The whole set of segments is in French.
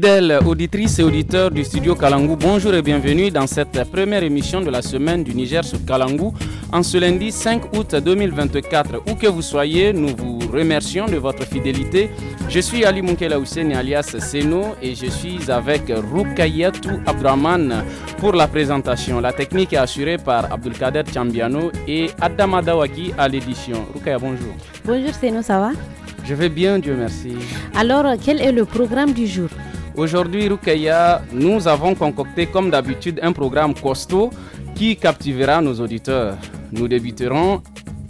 Fidèles auditrices et auditeurs du studio Kalangou, bonjour et bienvenue dans cette première émission de la semaine du Niger sur Kalangou en ce lundi 5 août 2024. Où que vous soyez, nous vous remercions de votre fidélité. Je suis Ali Moukela alias Seno et je suis avec Rukayatou Abdraman pour la présentation. La technique est assurée par Abdulkader Chambiano et Adama à l'édition. Rukaya, bonjour. Bonjour Seno, ça va je vais bien, Dieu merci. Alors, quel est le programme du jour Aujourd'hui, Rukaya, nous avons concocté comme d'habitude un programme costaud qui captivera nos auditeurs. Nous débuterons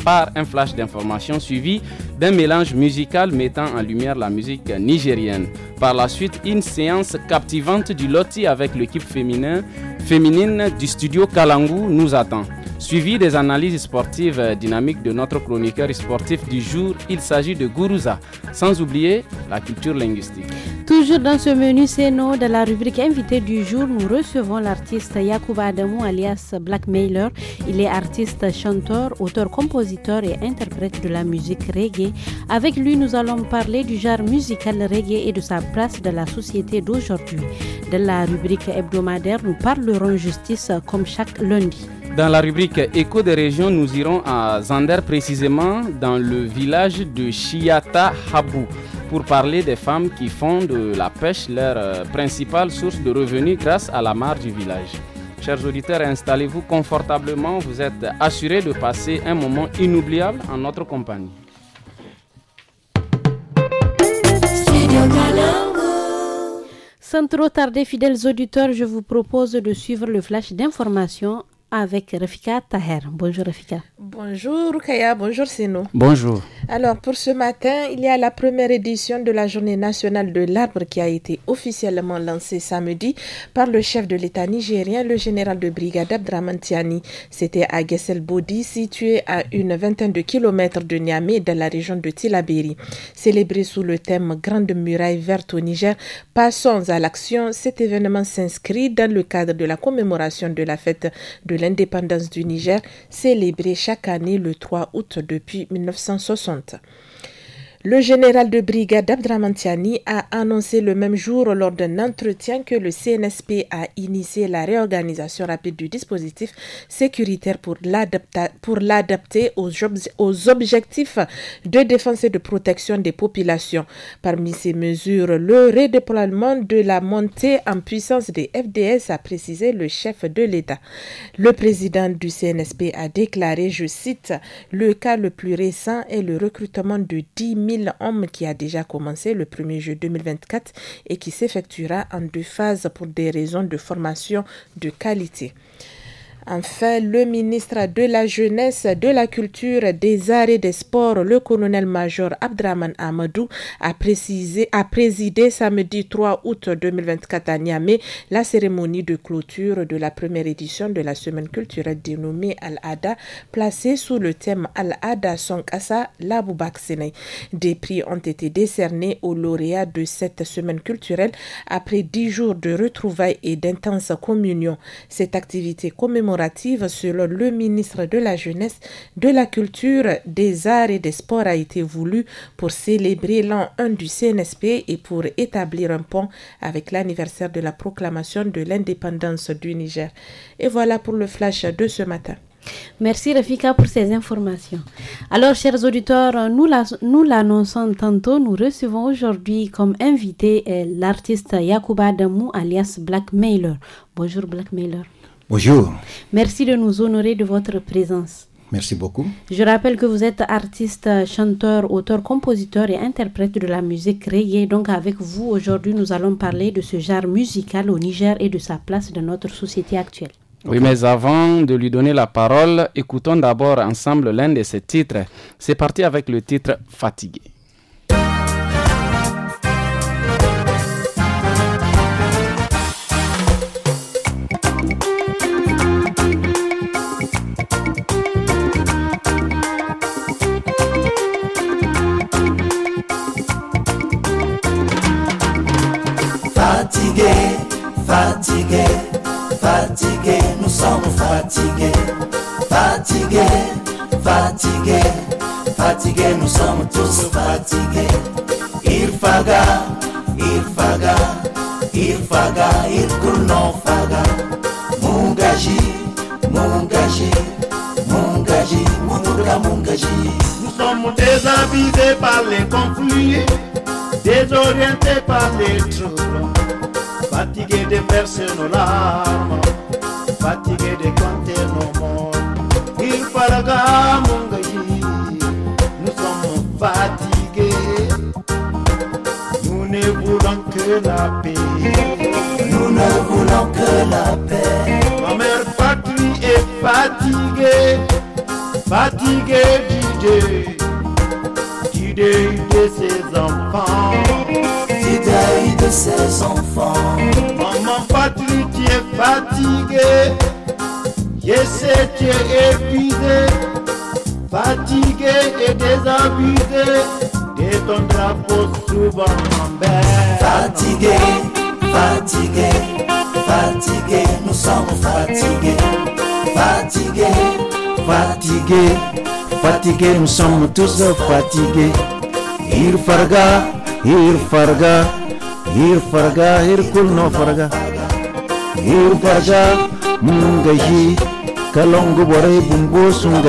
par un flash d'information suivi d'un mélange musical mettant en lumière la musique nigérienne. Par la suite, une séance captivante du loti avec l'équipe féminine du studio Kalangu nous attend suivi des analyses sportives euh, dynamiques de notre chroniqueur sportif du jour. Il s'agit de Gourouza, sans oublier la culture linguistique. Toujours dans ce menu nous. de la rubrique Invité du jour, nous recevons l'artiste Yacouba Adamou alias Blackmailer. Il est artiste, chanteur, auteur, compositeur et interprète de la musique reggae. Avec lui, nous allons parler du genre musical reggae et de sa place dans la société d'aujourd'hui. de la rubrique hebdomadaire, nous parlerons justice comme chaque lundi. Dans la rubrique Écho des régions, nous irons à Zander précisément dans le village de Chiata Habu pour parler des femmes qui font de la pêche leur euh, principale source de revenus grâce à la mare du village. Chers auditeurs, installez-vous confortablement, vous êtes assurés de passer un moment inoubliable en notre compagnie. Sans trop tarder, fidèles auditeurs, je vous propose de suivre le flash d'information avec Rafika Taher. Bonjour Rafika. Bonjour Rukaya, bonjour Sino. Bonjour. Alors pour ce matin, il y a la première édition de la Journée nationale de l'arbre qui a été officiellement lancée samedi par le chef de l'État nigérien, le général de brigade Abdraman C'était à Gessel Bodi, situé à une vingtaine de kilomètres de Niamey, dans la région de Tilaberi. Célébré sous le thème Grande muraille verte au Niger, passons à l'action. Cet événement s'inscrit dans le cadre de la commémoration de la fête de l'indépendance du Niger, célébrée chaque année le 3 août depuis 1960. Le général de brigade Abdramantiani a annoncé le même jour lors d'un entretien que le CNSP a initié la réorganisation rapide du dispositif sécuritaire pour l'adapter aux, objectifs de défense et de protection des populations. Parmi ces mesures, le redéploiement de la montée en puissance des FDS a précisé le chef de l'État. Le président du CNSP a déclaré, je cite, le cas le plus récent est le recrutement de 10 000 hommes qui a déjà commencé le premier er 2024 et qui s'effectuera en deux phases pour des raisons de formation de qualité. Enfin, le ministre de la Jeunesse, de la Culture, des Arts et des Sports, le colonel-major Abdraman Amadou, a, précisé, a présidé samedi 3 août 2024 à Niamey la cérémonie de clôture de la première édition de la semaine culturelle dénommée Al-Ada, placée sous le thème Al-Ada Sonkasa Laboubaksene. Des prix ont été décernés aux lauréats de cette semaine culturelle après dix jours de retrouvailles et d'intenses communions. Cette activité selon le ministre de la Jeunesse, de la Culture, des Arts et des Sports a été voulu pour célébrer l'an 1 du CNSP et pour établir un pont avec l'anniversaire de la proclamation de l'indépendance du Niger. Et voilà pour le flash de ce matin. Merci Rafika pour ces informations. Alors, chers auditeurs, nous l'annonçons tantôt, nous recevons aujourd'hui comme invité euh, l'artiste Yakuba Damou alias Blackmailer. Bonjour Blackmailer. Bonjour. Merci de nous honorer de votre présence. Merci beaucoup. Je rappelle que vous êtes artiste, chanteur, auteur, compositeur et interprète de la musique créée. Donc avec vous aujourd'hui, nous allons parler de ce genre musical au Niger et de sa place dans notre société actuelle. Oui, mais avant de lui donner la parole, écoutons d'abord ensemble l'un de ses titres. C'est parti avec le titre Fatigué. fatigués, fatigués, nous sommes fatigués, fatigués, fatigués, fatigués, nous sommes tous fatigués. Il faga, il faga, il faga, il non faga, mungaji, mungaji, mungaji, mungaji. Nous sommes désavisés par les conflits, désorientés par les troubles fatigué de percer nos larmes, fatigué de compter nos morts. Il paraga mon nous sommes fatigués, nous ne voulons que la paix. Nous ne voulons que la paix. Ma mère patrie est fatiguée, fatiguée du deuil, du deuil de ses enfants ses enfants. Maman patrie, tu es fatigué Je sais, tu es épidé Fatiguée et désabusé et ton drapeau souvent en fatigué fatigué fatigué fatigué Nous sommes fatigués. Fatigué, fatigué fatigués. Nous sommes tous fatigués. Il farga, il farga. hir farga hir kulno farga hir farga mun gaji kalongu bore bumbo sun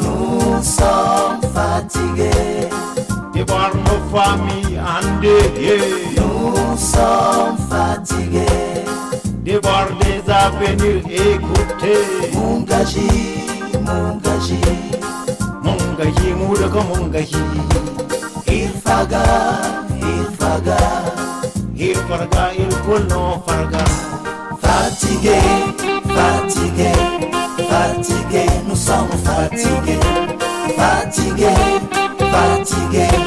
Nous sommes fatigués. De voir nos familles endeuillées. Nous sommes fatigués. De voir les avenirs écoutés. Mungaji, Mungaji. Mungaji, Moudoko Mungaji. Il faga, il faga. Il faga, il faut non farga. Fatigué, fatigué. fatigué, nous sommes fatigués, fatigués, fatigués,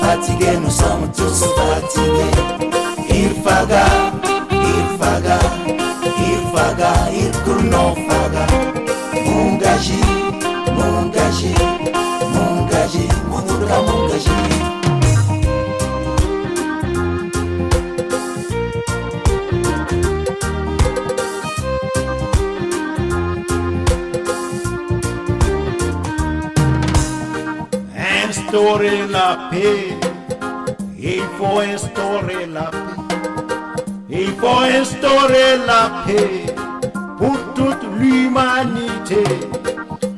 fatigués, nous sommes tous fatigués. Il faga, il faga, il faga, il court non faga. Mungaji, mungaji, mungaji, mon mungaji. mungaji. la paix. Il e faut instaurer la paix. Il e faut instaurer la paix pour toute l'humanité.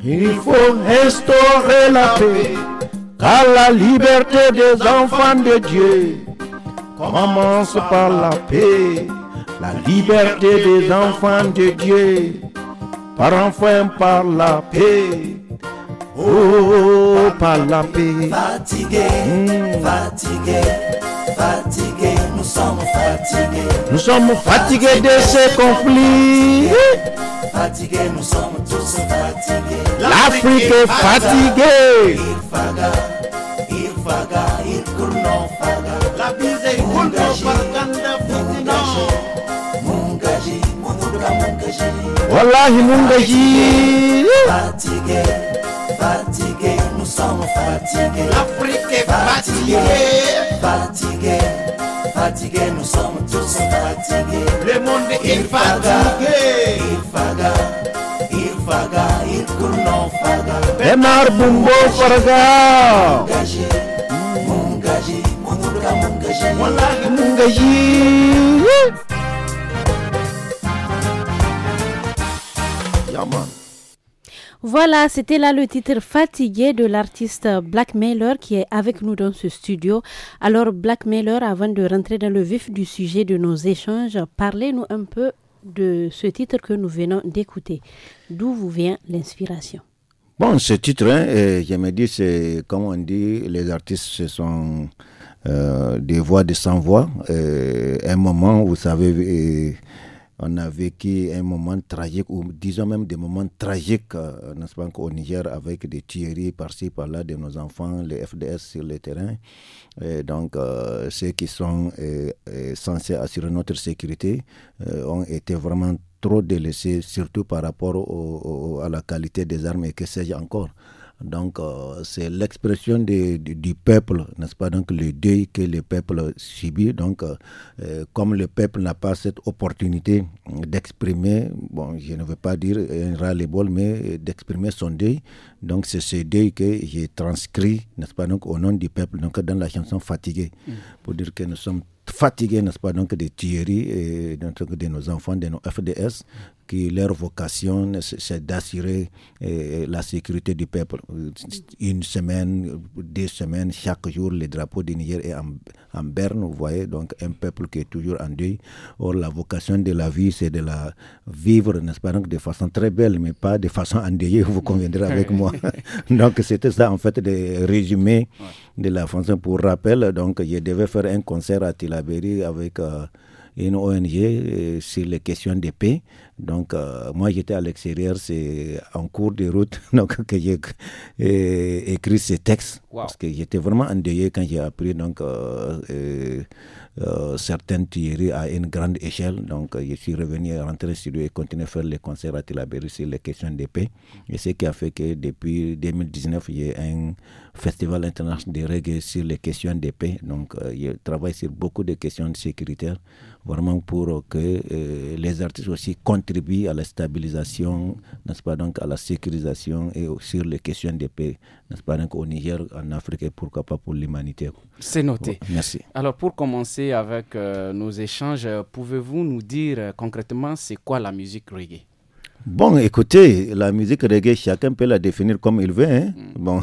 Il e faut instaurer la paix car la liberté des enfants de Dieu commence par la paix. La liberté des enfants de Dieu par enfin par la paix. Oh, la paix. Fatigué, mmh. fatigué, fatigué, nous sommes fatigués. Nous sommes fatigués, de ces conflits. Fatigués, nous sommes tous fatigués. L'Afrique est fatiguée. Il faga, il faga, il coule non faga. La bise est coule la faga. Mungaji, Mungaji, Mungaji. Wallahi Mungaji. Fatigué. fatigué sans fatiguer. L'Afrique est fatiguée. Fatiguée, fatiguée, nous sommes tous fatigués. Le monde est fatigué. Il faga, il faga, il coulant faga. Bernard Bumbo Farga. Mungaji, mungaji, munga mungaji. Wallahi mungaji. Yeah, man. Voilà, c'était là le titre fatigué de l'artiste Black Mailer qui est avec nous dans ce studio. Alors Black Mailer, avant de rentrer dans le vif du sujet de nos échanges, parlez-nous un peu de ce titre que nous venons d'écouter. D'où vous vient l'inspiration Bon, ce titre, hein, euh, je me dis, c'est comme on dit, les artistes, ce sont euh, des voix de sans voix. Euh, un moment, vous savez... On a vécu un moment tragique, ou disons même des moments tragiques, euh, n'est-ce pas, au Niger, avec des tueries par-ci, par-là de nos enfants, les FDS sur le terrain. donc, euh, ceux qui sont euh, censés assurer notre sécurité ont été vraiment trop délaissés, surtout par rapport à la qualité des armes et que sais-je encore. Donc, euh, c'est l'expression du, peuple, n'est-ce pas Donc, le deuil que le peuple subit. Donc, euh, euh, comme le peuple n'a pas cette opportunité d'exprimer, bon, je ne veux pas dire un ras-le-bol, mais d'exprimer son deuil. Donc, c'est ce deuil que j'ai transcrit, n'est-ce pas Donc, au nom du peuple, donc dans la chanson Fatigué, mm. pour dire que nous sommes fatigués, n'est-ce pas, donc des Thierry et, de nos enfants, de nos FDS, qui leur vocation, c'est d'assurer euh, la sécurité du peuple. Une semaine, deux semaines, chaque jour, le drapeau du Niger est en, berne, vous voyez, donc un peuple qui est toujours en deuil. Or, la vocation de la vie, c'est de la vivre, n'est-ce pas, donc de façon très belle, mais pas de façon endeuillée, vous conviendrez avec moi. donc, c'était ça, en fait, le résumé de la fonction. Pour rappel, donc, je devais faire un concert à Tilaberi avec... Euh, une ONG euh, sur les questions de paix. Donc, euh, moi, j'étais à l'extérieur, c'est en cours de route donc, que j'ai euh, écrit ces textes. Parce que j'étais vraiment endeuillé quand j'ai appris donc, euh, certaines tueries à une grande échelle. Donc, je suis revenu, rentrer sur lui et continuer à faire les concerts à Tilaberi sur les questions de paix. Et ce qui a fait que depuis 2019, il y a un festival international de reggae sur les questions de paix. Donc, je travaille sur beaucoup de questions sécuritaires, vraiment pour que les artistes aussi continuent contribue à la stabilisation, n'est-ce pas, donc à la sécurisation et sur les questions de paix, n'est-ce pas, donc au Niger, en Afrique et pourquoi pas pour l'humanité. C'est noté. Merci. Alors, pour commencer avec euh, nos échanges, euh, pouvez-vous nous dire euh, concrètement c'est quoi la musique reggae Bon, écoutez, la musique reggae, chacun peut la définir comme il veut. Hein. Mm.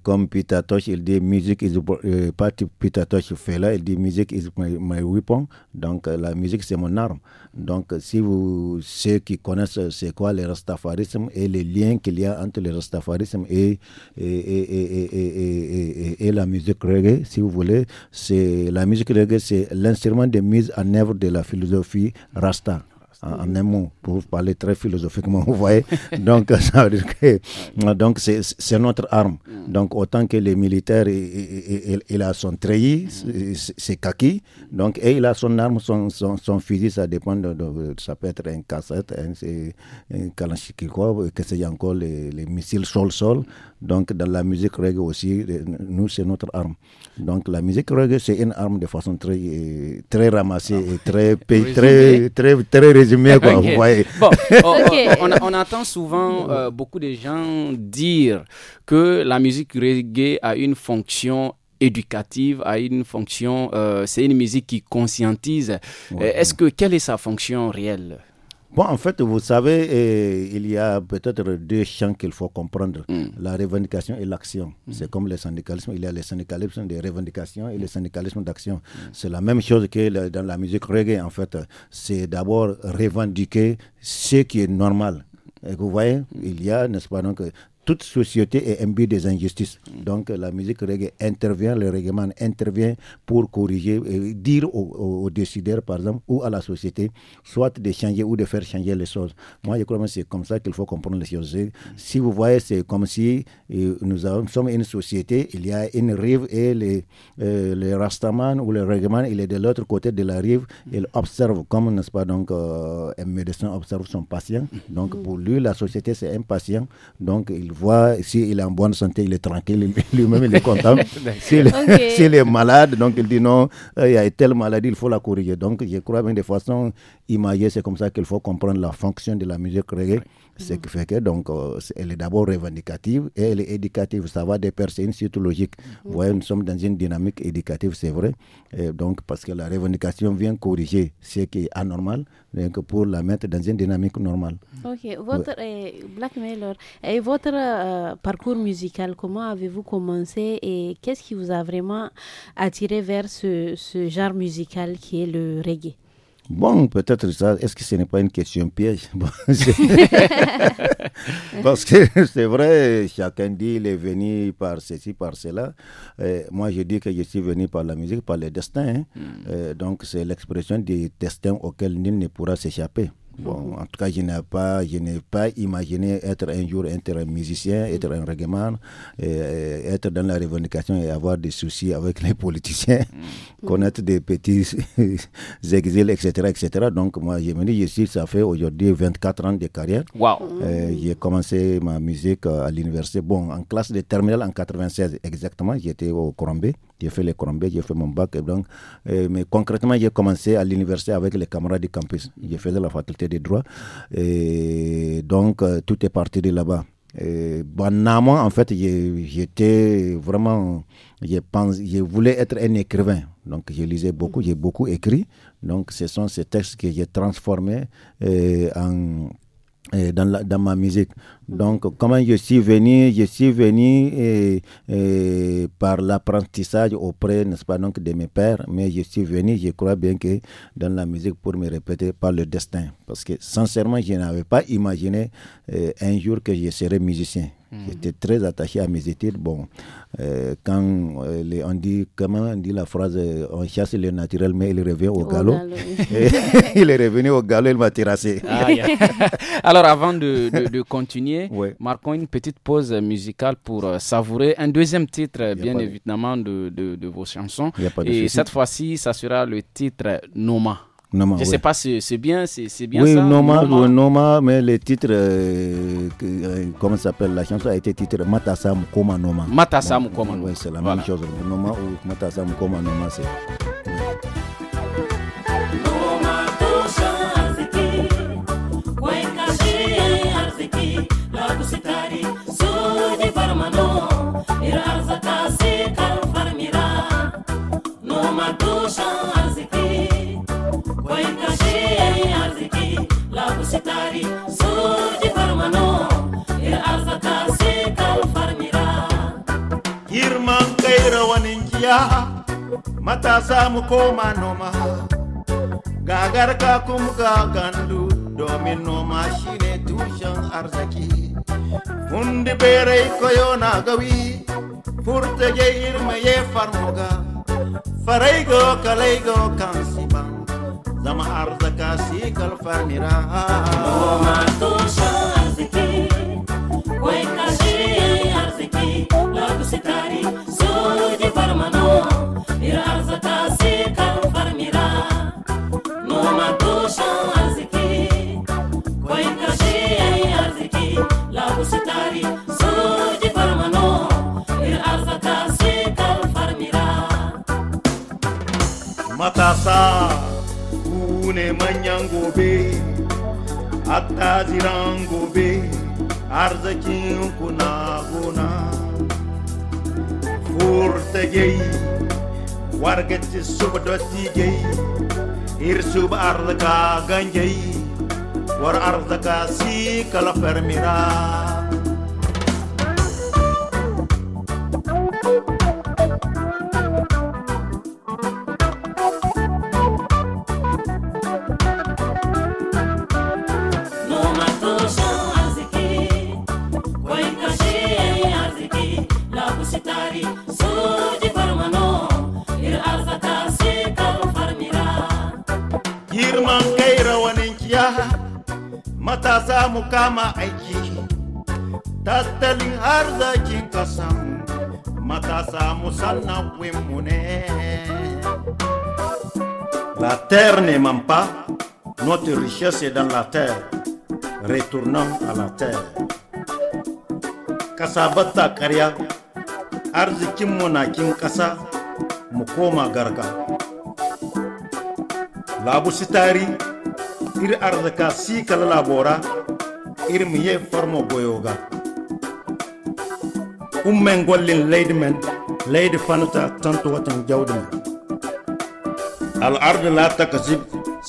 comme Pitatoche, il dit musique is euh, fait là, il dit musique is my, weapon. Donc euh, la musique c'est mon arme. Donc si vous ceux qui connaissent euh, c'est quoi le rastafarisme et les liens qu'il y a entre le rastafarisme et et, et, et la musique reggae, si vous voulez, c'est la musique reggae c'est l'instrument de mise en œuvre de la philosophie rasta en, un mot, pour parler très philosophiquement, vous voyez. donc, ça donc c'est, notre arme. Donc, autant que les militaires, il, a son treillis, c'est kaki, donc, et il a son arme, son, son, fusil, ça dépend, de, ça peut être un cassette, un, un, quoi que que c'est encore les, les missiles sol-sol. Donc, dans la musique reggae aussi, euh, nous, c'est notre arme. Donc, la musique reggae, c'est une arme de façon très, euh, très ramassée et très, ah. très, très, très, résumée. Quoi, Vous voyez. on, entend souvent euh, beaucoup de gens dire que la musique reggae a une fonction éducative, a une fonction, c'est une musique qui conscientise. Est-ce que, quelle est sa fonction réelle Bon, en fait, vous savez, il y a peut-être deux champs qu'il faut comprendre, mm. la revendication et l'action. Mm. C'est comme le syndicalisme, il y a le syndicalisme des revendications et le mm. syndicalisme d'action. C'est la même chose que dans la musique reggae, en fait. C'est d'abord revendiquer ce qui est normal. Et vous voyez, il y a, n'est-ce pas, donc, toute société est imbue des injustices. Donc la musique reggae intervient, le réglement intervient pour corriger, et dire aux, décideurs, par exemple, ou à la société, soit de changer ou de faire changer les choses. Moi, je crois que c'est comme ça qu'il faut comprendre les choses. Si vous voyez, c'est comme si euh, nous, avons, sommes une société, il y a une rive et les, euh, les rastaman ou le réglement, il est de l'autre côté de la rive, il observe, comme, n'est-ce pas, donc, euh, un médecin observe son patient. Donc pour lui, la société, c'est un patient. Donc il voit s'il est en bonne santé, il est tranquille, lui-même il est content. s'il est malade, donc il dit non, euh, il y a telle maladie, il faut la corriger. Donc je crois même de façon imagée, c'est comme ça qu'il faut comprendre la fonction de la musique créée. Ce qui fait que donc, euh, elle est d'abord revendicative et elle est éducative. Ça va dépercer une suite logique. nous sommes dans une dynamique éducative, c'est vrai. donc, parce que la revendication vient corriger ce qui est anormal donc pour la mettre dans une dynamique normale. Mm. Ok. Votre, eh, Black et votre euh, parcours musical, comment avez-vous commencé et qu'est-ce qui vous a vraiment attiré vers ce genre musical qui est le reggae Bon, peut-être ça. Est-ce que ce n'est pas une question piège Parce que c'est vrai, chacun dit il est venu par ceci, par cela. Euh, moi, je dis que je suis venu par la musique, par le destin. Hein. Hmm. Euh, donc, c'est l'expression du destin auquel nul ne pourra s'échapper. Bon, en tout cas, je n'ai pas, pas imaginé être un jour un musicien, être un reggaeman, être dans la revendication et avoir des soucis avec les politiciens, mm. connaître des petits exils, etc., etc. Donc, moi, j'ai me dis, ça fait aujourd'hui 24 ans de carrière. j'ai commencé ma musique euh, à l'université, bon, en classe de terminale en 96 exactement, j'étais au corombe j'ai fait les corambes, j'ai fait mon bac. donc, euh, mais concrètement, j'ai commencé à l'université avec les camarades du campus. J'ai fait la faculté de droit. Et donc, euh, tout est parti de là-bas. Moi, en fait, j'étais vraiment. Je, pense, voulais être un écrivain. Donc, je lisais beaucoup, j'ai beaucoup écrit. Donc, ce sont ces textes que j'ai transformés euh, en, dans, dans, ma musique. Donc, comment je suis venu Je suis venu euh, euh, par l'apprentissage auprès, n'est-ce pas, donc de mes pères, mais je suis venu, je crois bien que dans la musique, pour me répéter, par le destin. Parce que, sincèrement, je n'avais pas imaginé euh, un jour que je serais musicien. Hmm. J'étais très attaché à mes études. Bon, quand on dit, comment on dit la phrase, on chasse le naturel, mais il revient au, galop. il est revenu au galop, il m'a terrassé. Ah, Alors, avant de continuer, marquons une petite pause musicale pour euh, savourer un deuxième titre, bien évidemment, de, vos chansons. Et cette fois-ci, ça sera le titre Noma. je ne sais pas si c'est bien, c'est bien oui, ça. Noma, ou Noma, mais le titre, euh, euh, comment s'appelle la chanson a été titré Matasam Koma Noma. Matasam Koma Noma. Oui, c'est la même chose. Noma ou Matasam Koma Noma, c'est. Koşan arziki Koyun kaşiye Matasa mu noma Gagar ka kuma gagandu domin noma shine tushen arziki Fundi berai koyo na gawi furta je irma ye farmuga faraygo kalaygo bang, zama arzaka sikal O Oma tusha aziki, weka shia. matasa ku ne be, gobe attajiran be, arzikin ku na gona furtagai wargaci suba dottigai irsu ba arzika gangai war arzika si kala fermira mu kama aiki tattalin arzikin kasan matasa musannawinmu ne La terre ne ment pas, notre richesse est dans la terre. Retournons à la terre. Kasabata karya, arzikinmu na kasa, mukoma garga. Labu ir arzaka si kala labora, irim ye formo goyoga ummen gollin leydi men leydi fanuta tantu watan jawduma al arde la takasib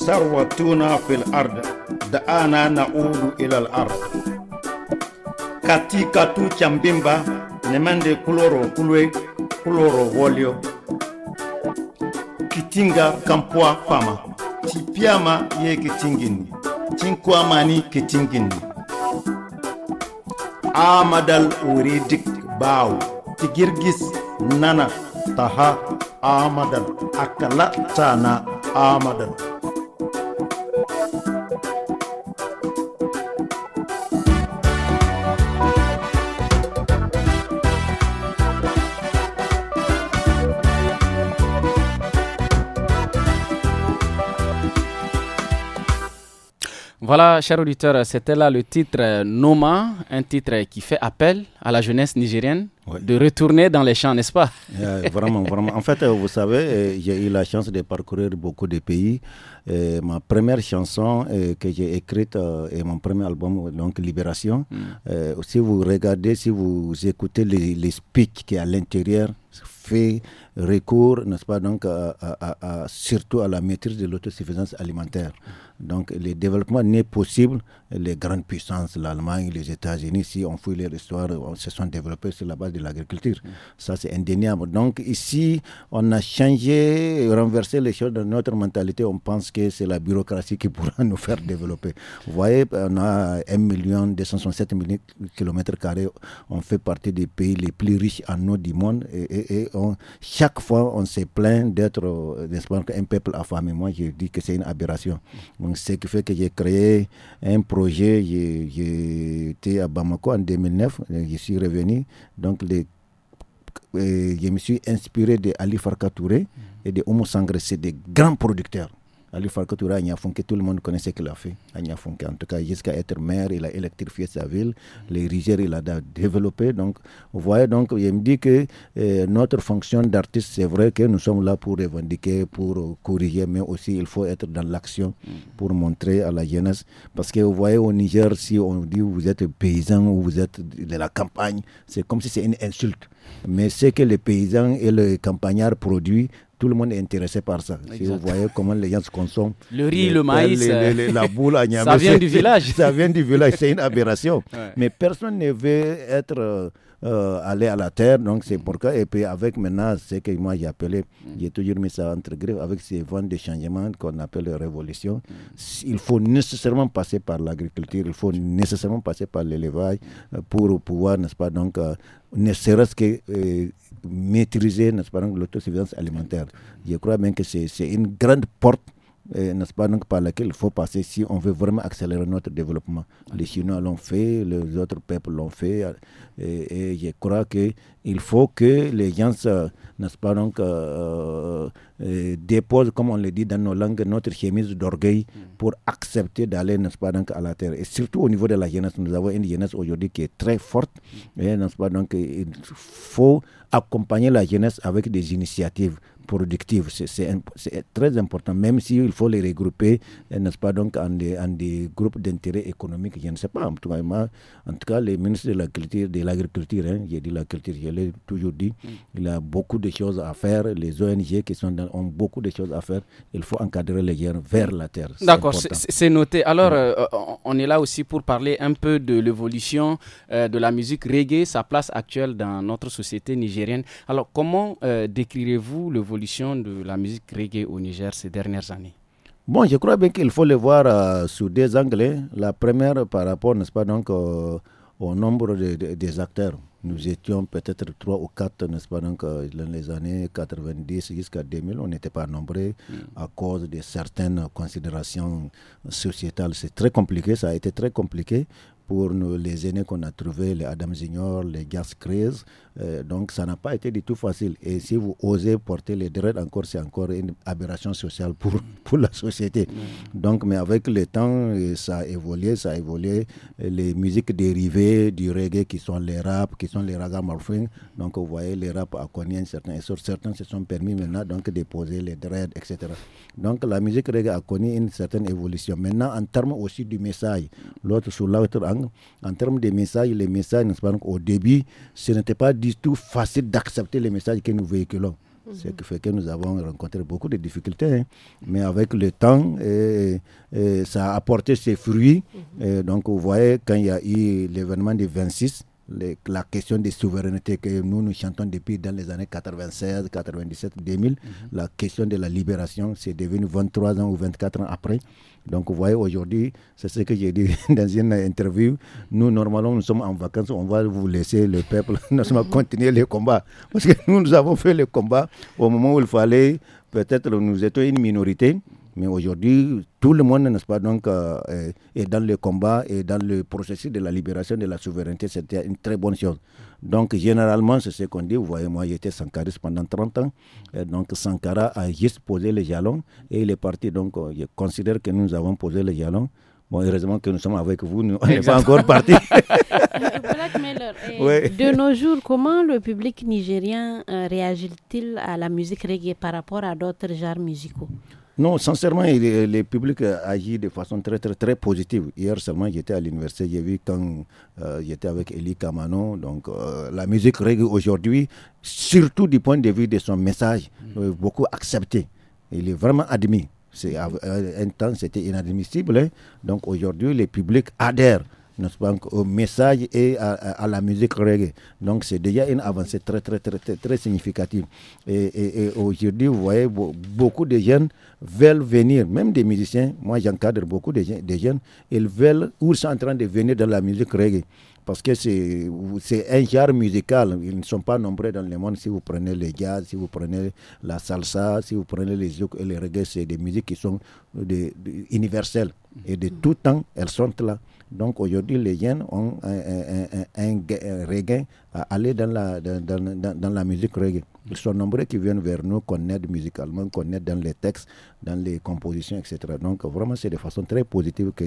sarwa tuna fil arde da ana naudu ila al arde katika tu chambimba nemande kuloro kulwe kuloro wolio kitinga kampua fama tipiama ye kitingini tinkwamani kitingini amadal uridik baw tigirgis nana taha amadal akalatana amadal Voilà, chers auditeurs, c'était là le titre euh, Noma, un titre qui fait appel à la jeunesse nigérienne de retourner dans les champs, n'est-ce pas euh, Vraiment, vraiment. En fait, euh, vous savez, j'ai eu la chance de parcourir beaucoup de pays. ma première chanson que j'ai écrite et mon premier album, donc Libération, hmm. si vous regardez, si vous écoutez les, les speaks qui est à l'intérieur, fait recours, n'est-ce pas, donc, surtout à la maîtrise de l'autosuffisance alimentaire. Donc le développement n'est possible, les grandes puissances, l'Allemagne, les États-Unis, si on fouille leur histoire, on euh, se sont développés sur la base de l'agriculture. Mm. Ça, c'est indéniable. Donc ici, on a changé, renversé les choses dans notre mentalité. On pense que c'est la bureaucratie qui pourra nous faire développer. Vous voyez, on a 1 million 267 kilomètres carrés. On fait partie des pays les plus riches en eau du monde. Et, et, on, chaque fois, on se plaint d'être, euh, un peuple affamé. Moi, je dis que c'est une aberration. Donc, ce qui fait que j'ai créé un projet. J'étais à Bamako en 2009. Euh, je suis revenu. Donc, euh, je me suis inspiré d'Ali Farka Touré et de Sangre, C'est des grands producteurs. Ali Farkatoura Agnafonke, tout le monde connaissait ce qu'il a fait Agnafonke. En tout cas, jusqu'à être maire, il a électrifié sa ville, les rizières, il a développé. Donc, vous voyez, donc, il me dit que euh, notre fonction d'artiste, c'est vrai que nous sommes là pour revendiquer, pour corriger, mais aussi il faut être dans l'action pour montrer à la jeunesse. Parce que vous voyez, au Niger, si on dit vous êtes paysan ou vous êtes de la campagne, c'est comme si c'est une insulte. Mais ce que les paysans et les campagnards produisent, tout le monde est intéressé par ça. Si vous voyez comment les gens se consomment. Le riz, le maïs. la euh, boule à Niamey. Ça vient du village. Ça vient du village. C'est une aberration. Mais personne ne veut être euh, euh, aller à la terre. Donc c'est pourquoi. Et puis avec maintenant ce que moi j'ai appelé, mm. j'ai toujours mis ça entre griffes, avec ces vents de changement qu'on appelle révolution, mm. il faut nécessairement passer par l'agriculture, il faut nécessairement passer par l'élevage euh, pour pouvoir, n'est-ce pas, donc, euh, ne serait-ce que maîtriser, n'est-ce pas, l'autosuffisance alimentaire. Je crois même que c'est une grande porte n'est-ce pas, donc par laquelle il faut passer si on veut vraiment accélérer notre développement. Les Chinois l'ont fait, les autres peuples l'ont fait, et, je crois qu'il faut que les gens, n'est-ce pas, donc, euh, euh, déposent, comme on le dit dans nos langues, notre chemise d'orgueil mm. pour accepter d'aller, n'est-ce pas, donc, à la terre. Et surtout au niveau de la jeunesse, nous avons une jeunesse aujourd'hui qui est très forte, mm. n'est-ce pas, donc, il faut accompagner la jeunesse avec des initiatives productives. C'est très important, même s'il faut les regrouper, euh, n'est-ce pas, donc en des, des groupes d'intérêt économique, je ne sais pas. En tout cas, les ministres de la de l'agriculture, hein, j'ai dit la culture, je l'ai toujours dit, mm. il a beaucoup de choses à faire. Les ONG qui sont dans, ont beaucoup de choses à faire. Il faut encadrer les gens vers la terre. D'accord, c'est noté. Alors, euh, euh, on est là aussi pour parler un peu de l'évolution de la musique reggae, sa place actuelle dans notre société nigérienne. Alors, comment décrirez-vous l'évolution de la musique reggae au Niger ces dernières années Bon, je crois bien qu'il faut le voir euh, sous deux angles. La première par rapport, n'est-ce pas, donc, euh, au nombre des acteurs. Nous étions peut-être trois ou quatre, n'est-ce pas, donc, euh, dans les années 90 jusqu'à 2000, on n'était pas nombreux mm. à cause de certaines considérations sociétales. C'est très compliqué, ça a été très compliqué pour nous, les aînés qu'on a trouvés, les Adam Junior, les Gas Craze, euh, donc ça n'a pas été du tout facile. Et si vous osez porter les dreads encore, c'est encore une aberration sociale pour, pour la société. Donc, mais avec le temps, euh, ça a évolué, ça a évolué. Les musiques dérivées du reggae qui sont les rap, qui sont les morphing Donc vous voyez, les rap certain essor certains se sont permis maintenant donc de poser les dreads, etc. Donc la musique reggae a connu une certaine évolution. Maintenant, en termes aussi du message, l'autre sur l'autre angle, en termes de messages les messages, au début, ce n'était pas tout facile d'accepter les messages que nous véhiculons. Mhm. Ce qui fait que nous avons rencontré beaucoup de difficultés, hein. mais avec le temps, et, ça a apporté ses fruits. Mhm. donc, vous voyez, quand il y a eu l'événement du 26, la question des souveraineté que nous nous chantons depuis dans les années 96, 97, 2000. La question de la libération, c'est devenu 23 ans ou 24 ans après. Donc vous voyez, aujourd'hui, c'est ce que j'ai dit dans une interview. Nous, normalement, nous sommes en vacances, on va vous laisser le peuple, nous allons mhm. continuer les combats. Parce que nous, nous avons fait le combat au moment où il fallait, peut-être nous étions une minorité. Mais aujourd'hui, tout le monde, n'est-ce pas, donc, euh, est dans le combat et dans le processus de la libération de la souveraineté. C'était une très bonne chose. Donc, généralement, c'est ce qu'on dit. Vous voyez, moi, j'étais Sankariste pendant 30 ans. donc, Sankara a juste posé le jalon et il est parti. Donc, euh, je considère que nous avons posé le jalon. Bon, heureusement que nous sommes avec vous, nous, on n'est pas encore parti. De nos jours, comment le public nigérien euh, réagit-il à la musique reggae par rapport à d'autres genres musicaux non, sincèrement, le public agit de façon très, très, très positive. Hier seulement, j'étais à l'université, j'ai vu quand euh, j'étais avec Elie Kamano. Donc, euh, la musique règle aujourd'hui, surtout du point de vue de son message, mm. euh, beaucoup accepté. Il est vraiment admis. C'est, un temps, c'était inadmissible. Hein. Donc, aujourd'hui, le public adhère au message et à, la musique reggae. Donc c'est déjà une avancée très très très très, significative. Et, aujourd'hui, vous voyez, beaucoup de jeunes veulent venir, même des musiciens, moi j'encadre beaucoup de, de, jeunes, ils veulent ou sont en train de venir dans la musique reggae parce que c'est un genre musical. Ils ne sont pas nombreux dans le monde. Si vous prenez le jazz, si vous prenez la salsa, si vous prenez les zouk et les reggae, c'est des musiques qui sont universelles. Et de tout temps, elles sont là. Donc aujourd'hui, les jeunes ont un, regain à aller dans la, dans, dans, dans la musique reggae. Ils sont nombreux qui viennent vers nous, qu'on aide musicalement, qu'on aide dans les textes, dans les compositions, etc. Donc vraiment, c'est de façon très positive que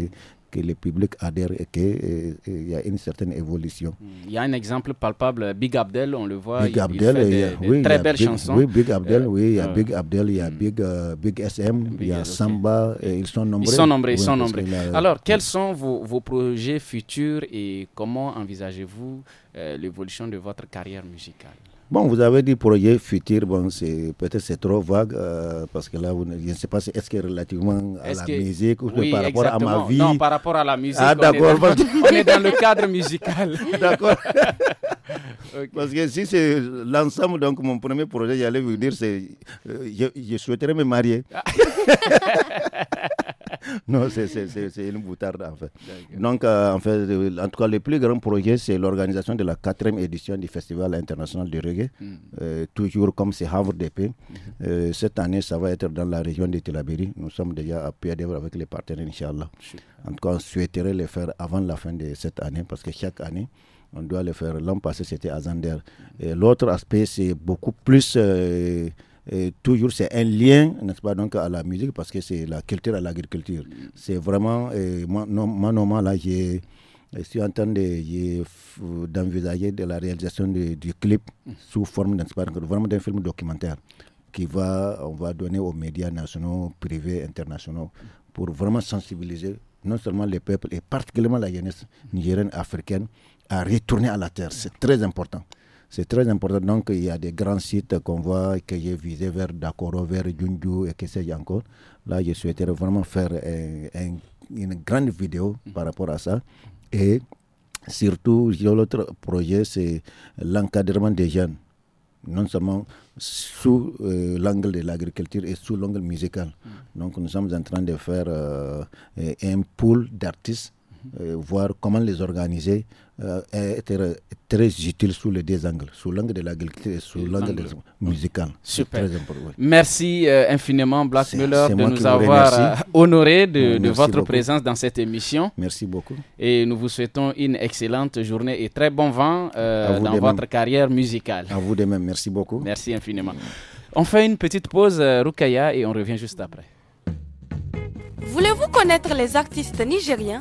que le public adhère et qu'il euh, y a une certaine évolution. Hmm. Il y a un exemple palpable, Big Abdel, on le voit. Big Abdel, fait très belles chanson. chansons. Oui, Big Abdel, euh, oui, il y a euh, Big Abdel, il y a hmm. Big, Big SM, il y a Samba, ils sont nombreux. Ils sont nombreux, ils sont nombreux. Alors, quels sont vos, projets futurs et comment envisagez-vous l'évolution de votre carrière musicale Bon, vous avez dit projet futur, bon, c'est peut-être c'est trop vague euh, parce que là, je ne sais pas, si est-ce que relativement à la musique ou par rapport à ma vie Non, par rapport à la musique. Ah, d'accord. On, est dans le cadre musical. D'accord. Parce que si c'est l'ensemble, donc mon premier projet, j'allais vous dire, c'est euh, je, souhaiterais me marier. Ah. non, c'est une boutarde, en fait. Donc, euh, en fait, euh, tout cas, le plus grand projet, c'est l'organisation de la quatrième édition du Festival international du reggae, hmm. euh, toujours comme c'est Havre d'épée. Mhm. cette année, ça va être dans la région de Tilabéry. Nous sommes déjà à pied d'œuvre avec les partenaires, Inch'Allah. En tout cas, on souhaiterait le faire avant la fin de cette année, parce que chaque année, on doit le faire. L'an passé, c'était à Zander. L'autre aspect, c'est beaucoup plus et toujours, c'est un lien, n'est-ce pas, donc, à la musique, parce que c'est la culture à l'agriculture. C'est vraiment, moi, je suis en train d'envisager de, la réalisation du clip sous forme, n'est-ce pas, vraiment d'un film documentaire qui va, on va donner aux médias nationaux, privés, internationaux, pour vraiment sensibiliser non seulement les peuples, et particulièrement la jeunesse nigérienne, africaine, à retourner à la terre. C'est très important. C'est très important. Donc, il y a des grands sites qu'on voit, que j'ai visé vers Dakoro, vers Junju et que sais-je encore. Là, je souhaiterais vraiment faire une grande vidéo par rapport à ça. Et surtout, l'autre projet, c'est l'encadrement des jeunes non seulement sous euh, l'angle de l'agriculture et sous l'angle musical. Mm. Donc nous sommes en train de faire euh, un pool d'artistes euh, voir comment les organiser euh, est très, utile sous les deux angles, sous l'angle de l'agriculture et sous l'angle musical. Super. Merci euh, infiniment, Black Muller, de nous avoir euh, honoré de, votre présence dans cette émission. Merci beaucoup. Et nous vous souhaitons une excellente journée et très bon vent dans votre carrière musicale. À vous de même. Merci beaucoup. Merci infiniment. On fait une petite pause, Rukaya, et on revient juste après. Voulez-vous connaître les artistes nigériens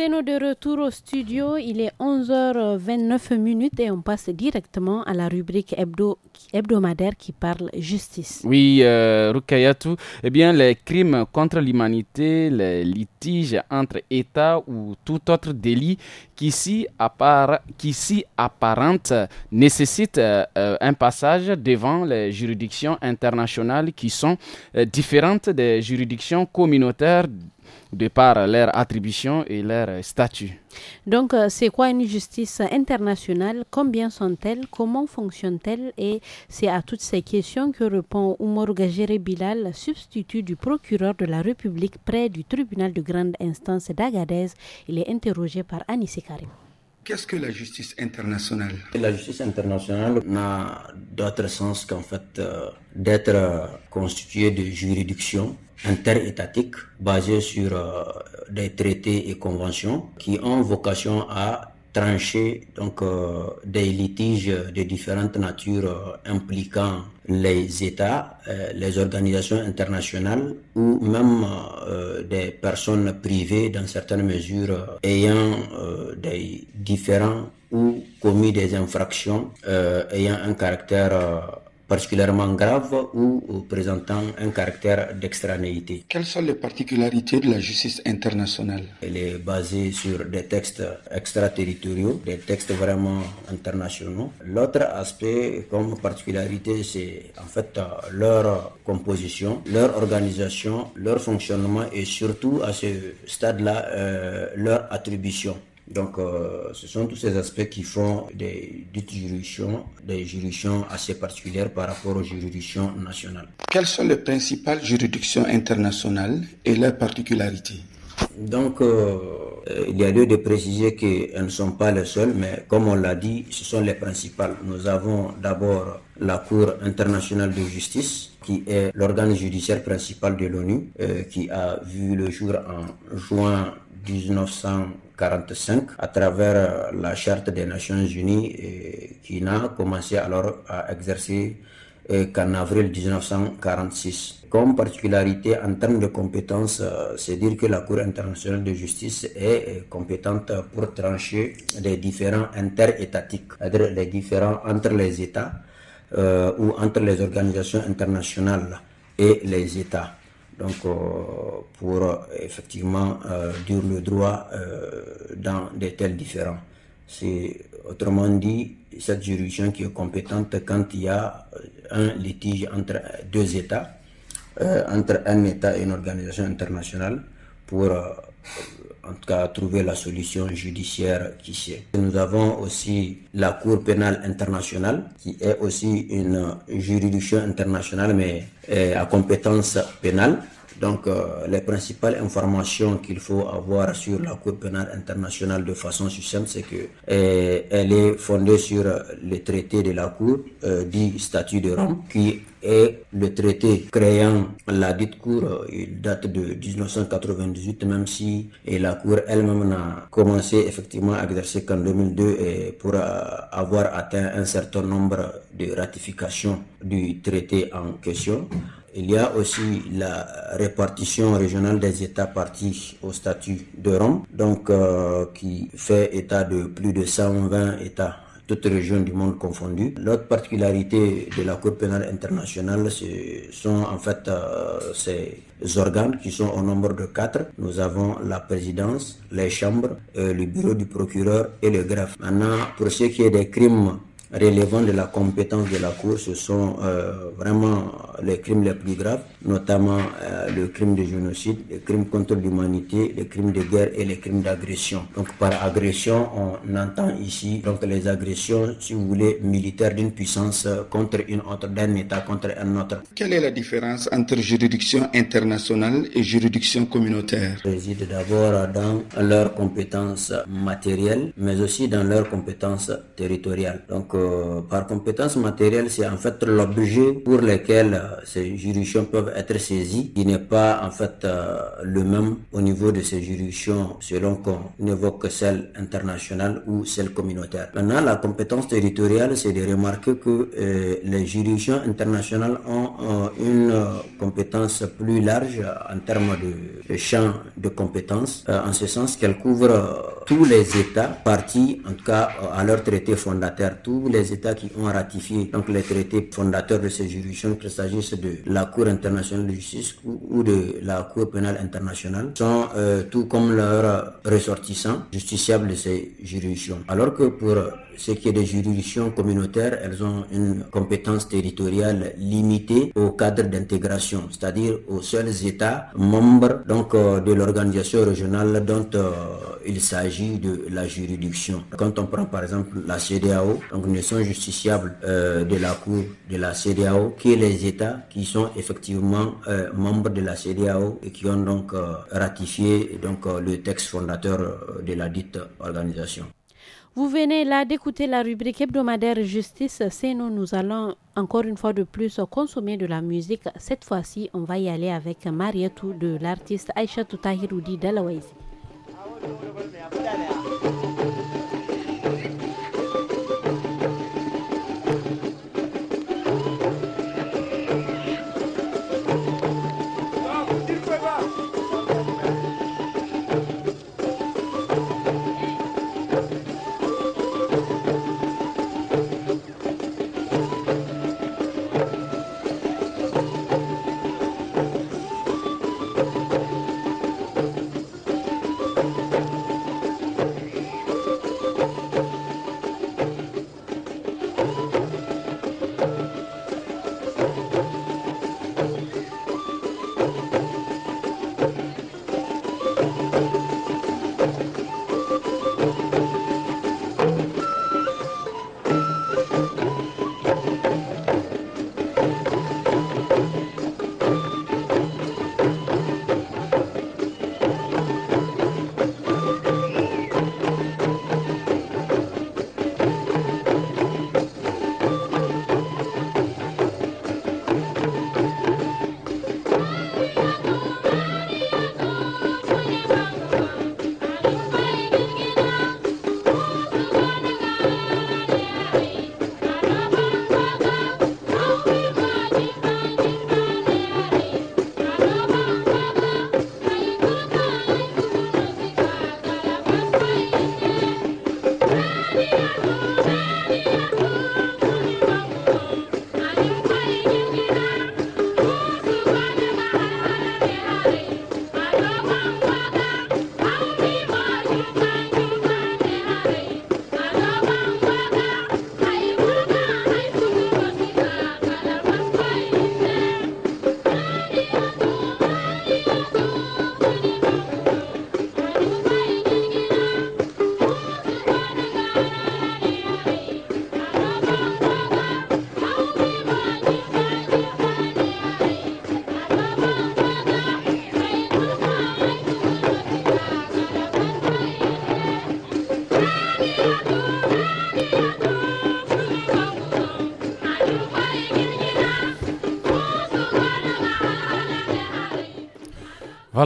de retour au studio. Il est 11h29 minutes et on passe directement à la rubrique hebdomadaire qui parle justice. Oui, euh, eh bien, les crimes contre l'humanité, les litiges entre États ou tout autre délit qui s'y apparente nécessite euh, un passage devant les juridictions internationales qui sont euh, différentes des juridictions communautaires de par leur attribution et leur statut. Donc, euh, c'est quoi une justice internationale Combien sont-elles Comment fonctionnent-elles Et c'est à toutes ces questions que répond Oumour Gajere Bilal, substitut du procureur de la République près du tribunal de grande instance d'Agadez. Il est interrogé par Anissé Karim. Qu'est-ce que la justice internationale La justice internationale n'a d'autre sens qu'en fait euh, d'être euh, constituée de juridictions interétatiques basées sur euh, des traités et conventions qui ont vocation à trancher donc des litiges de différentes natures impliquant les États, euh, les organisations internationales ou même euh, des personnes privées dans certaines mesures euh, ayant des différents ou commis des infractions ayant un caractère particulièrement graves ou présentant un caractère d'extranéité. Quelles sont les particularités de la justice internationale Elle est basée sur des textes extraterritoriaux, des textes vraiment internationaux. L'autre aspect comme particularité, c'est en fait leur composition, leur organisation, leur fonctionnement et surtout à ce stade-là, euh, leur attribution. Donc, euh, ce sont tous ces aspects qui font des juridictions, des juridictions assez particulières par rapport aux juridictions nationales. Quelles sont les principales juridictions internationales et leurs particularités donc, euh, il y a lieu de préciser qu'elles ne sont pas les seules, mais comme on l'a dit, ce sont les principales. Nous avons d'abord la Cour internationale de justice, qui est l'organe judiciaire principal de l'ONU, euh, qui a vu le jour en juin 1945 à travers la Charte des Nations Unies euh, qui n'a commencé alors à exercer euh, qu'en avril 1946. Comme particularité en termes de compétences, euh, c'est dire que la Cour internationale de justice est compétente pour trancher les différents interétatiques, c'est-à-dire les différents entre les États ou entre les organisations internationales et les États donc euh, pour euh, effectivement euh, dire le droit dans des tels différents. C'est autrement dit cette juridiction qui est compétente quand il y a un litige entre deux États, entre un État et une organisation internationale pour en tout cas trouver la solution judiciaire qui sait. Nous avons aussi la Cour pénale internationale qui est aussi une juridiction internationale mais euh, à compétence pénale. Donc euh, les principales informations qu'il faut avoir sur la Cour pénale internationale de façon succincte, c'est que euh, elle est fondée sur le traité de la Cour dit statut de Rome qui et le traité créant la dite cour, il date de 1998, même si la cour elle-même n'a commencé effectivement à exercer qu'en 2002 et pour euh, avoir atteint un certain nombre de ratifications du traité en question. Il y a aussi la répartition régionale des États partis au statut de Rome, donc euh, qui fait état de plus de 120 États toutes régions du monde confondues. L'autre particularité de la Cour pénale internationale, ce sont en fait euh, ces organes qui sont au nombre de quatre. Nous avons la présidence, les chambres, euh, le bureau du procureur et le greffe. Maintenant, pour ce qui est des crimes relevant de la compétence de la Cour, ce sont euh, vraiment les crimes les plus graves, notamment euh, le crime de génocide, les crimes contre l'humanité, les crimes de guerre et les crimes d'agression. Donc par agression, on entend ici donc les agressions, si vous voulez, militaires d'une puissance euh, contre une autre, d'un État contre un autre. Quelle est la différence entre juridiction internationale et juridiction communautaire Réside d'abord dans leur compétences matérielles, mais aussi dans leurs compétences territoriales. Donc par compétence matérielle, c'est en fait l'objet pour lequel euh, ces juridictions peuvent être saisies, qui n'est pas en fait euh, le même au niveau de ces juridictions selon qu'on évoque celle internationale ou celle communautaire. Maintenant, la compétence territoriale, c'est de remarquer que euh, les juridictions internationales ont une compétence plus large en termes de champ de compétences, en ce sens qu'elles couvrent tous les États partis, en cas à leur traité fondateur, tous les États qui ont ratifié donc les traités fondateurs de ces juridictions, qu'il s'agisse de la Cour internationale de justice ou de la Cour pénale internationale, sont euh, tout comme leurs ressortissants justiciables de ces juridictions. Alors que pour ce qui est des juridictions communautaires, elles ont une compétence territoriale limitée au cadre d'intégration, c'est-à-dire aux seuls États membres euh, de l'organisation régionale dont euh, il s'agit de la juridiction. Quand on prend par exemple la CDAO, donc ne sont justiciables euh, de la Cour de la CDAO que les États qui sont effectivement membres de la CDAO et qui ont donc ratifié donc, le texte fondateur de la dite organisation. Vous venez là d'écouter la rubrique hebdomadaire Justice. C'est nous, nous allons encore une fois de plus consommer de la musique. Cette fois-ci, on va y aller avec Marietou de l'artiste Aïcha Toutahiroudi Dalawaisi.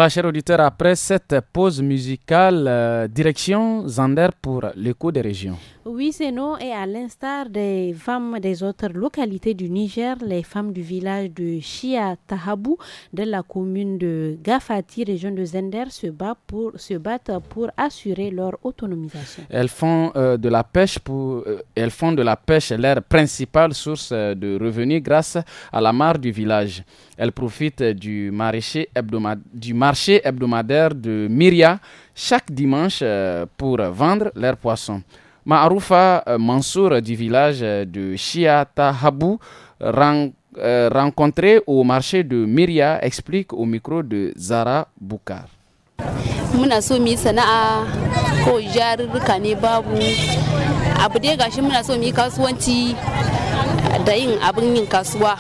chers auditeurs, après cette pause musicale, euh, direction Zander pour l'écho des régions. Oui, c'est non. Et à l'instar des femmes des autres localités du Niger, les femmes du village de Chia Tahabou, de la commune de Gafati, région de Zender, se, bat pour, se battent pour assurer leur autonomisation. Elles font euh, de la pêche pour, euh, elles font de la pêche leur principale source de revenus grâce à la mare du village. Elles profitent du, marché hebdomadaire de Myria chaque dimanche euh, pour vendre leurs poissons. Maaroufa euh, Mansour du village euh, de Chiatahabou ren, euh, rencontré au marché de Myria explique au micro de Zara Boukar. muna so mu yi sana'a ko jarurruka ne babu abu dai gashi muna so mu yi kasuwanci da yin abin yin kasuwa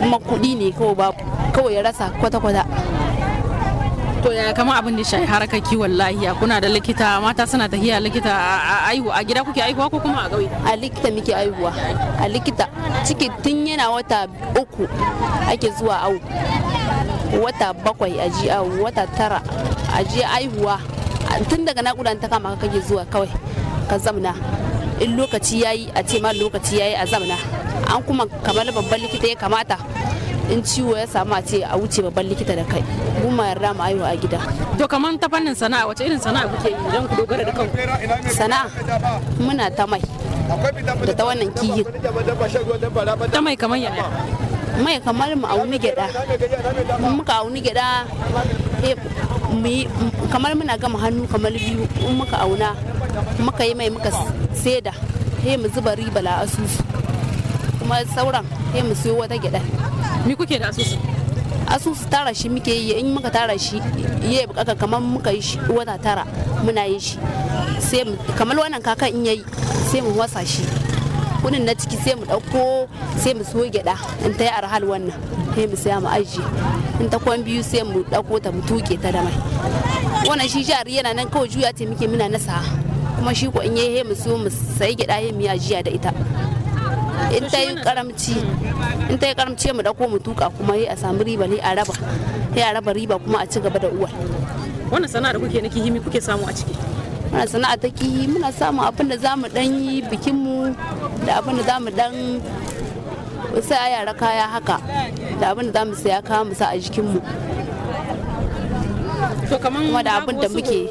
kuma kuɗi ne kawai babu kawai ya rasa kwata-kwata to ya kama abin da shayi harkar kiwon lahiya kuna da likita mata suna tafiya likita a aihu a gida kuke aihuwa ko kuma a gauye a likita muke aihuwa a likita ciki tun yana wata uku ake zuwa awu wata bakwai a ji awu wata tara a ji aihuwa tun daga nakudan ta kama kake zuwa kawai ka zamna in lokaci yayi a ce ma lokaci yayi a zamna an kuma kamar babban likita ya kamata in ciwo ya samu a ce a wuce babban likita da kai mu ma yarda mu ayo a gida to kaman ta fannin sana'a wace irin sana'a kuke yi idan ku dogara da kanku sana'a muna ta mai da ta wannan kiyin ta mai kaman yaya mai kamar mu auni gyada muka auni gyada kamar muna gama hannu kamar biyu in muka auna muka yi mai muka seda sai mu zuba riba la asusu kuma sauran sai mu siyo wata gyada Me kuke da asusu asusu tara shi muke yi in muka tara shi ya yi bukaka kamar muka yi shi wata tara muna yin shi kamar wannan kakan in yayi sai mu wasa shi Kunin na ciki sai mu ɗauko sai mu so gyada in ta yi arhal wannan sai mu saya mu aji. in ta kwan biyu sai mu ɗauko ta mu tuke ta da mai wannan shi jihar yana nan kawai juya ce muke muna nasa kuma shi ko in yayi mu so mu sayi gyada yayi mu yi ajiya da ita in ta yi karamci in ta yi karamci mu dauko mu tuka kuma yi a samu riba ne a raba sai a raba riba kuma a ci gaba da uwa wannan sana'a da kuke na kihimi kuke samu a ciki Wannan sana'a ta kihi muna samu abin da zamu dan yi bikin mu da abin da zamu dan sai a yara kaya haka da abin da zamu saya kaya mu sa a jikin mu to kaman wada abin da muke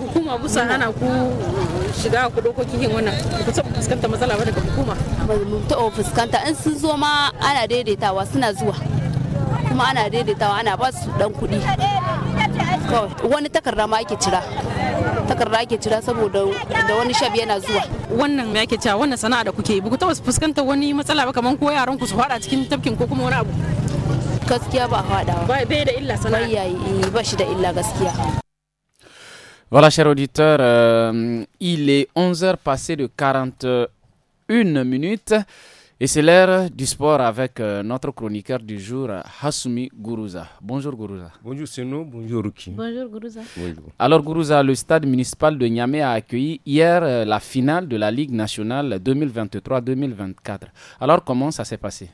hukuma busa hana ku shiga ku dokokin yin wannan ku taɓa fuskanta matsala ba daga hukuma ba mu ta fuskanta in sun zo ma ana daidaitawa suna zuwa kuma ana daidaitawa ana ba su dan kuɗi wani takarda ma ake cira takarda ake cira saboda da wani shabi yana zuwa wannan ya ke cewa wannan sana'a da kuke yi ba ku taɓa fuskantar wani matsala ba kaman ko yaran ku su fada cikin tafkin ko kuma wani abu Voilà, chers auditeurs, euh, il est 11h passé de 41 minutes et c'est l'heure du sport avec euh, notre chroniqueur du jour, Hasumi Gourouza. Bonjour Gourouza. Bonjour Seno, bonjour Ruki. Bonjour Gourouza. Alors Gourouza, le stade municipal de Niamey a accueilli hier euh, la finale de la Ligue nationale 2023-2024. Alors comment ça s'est passé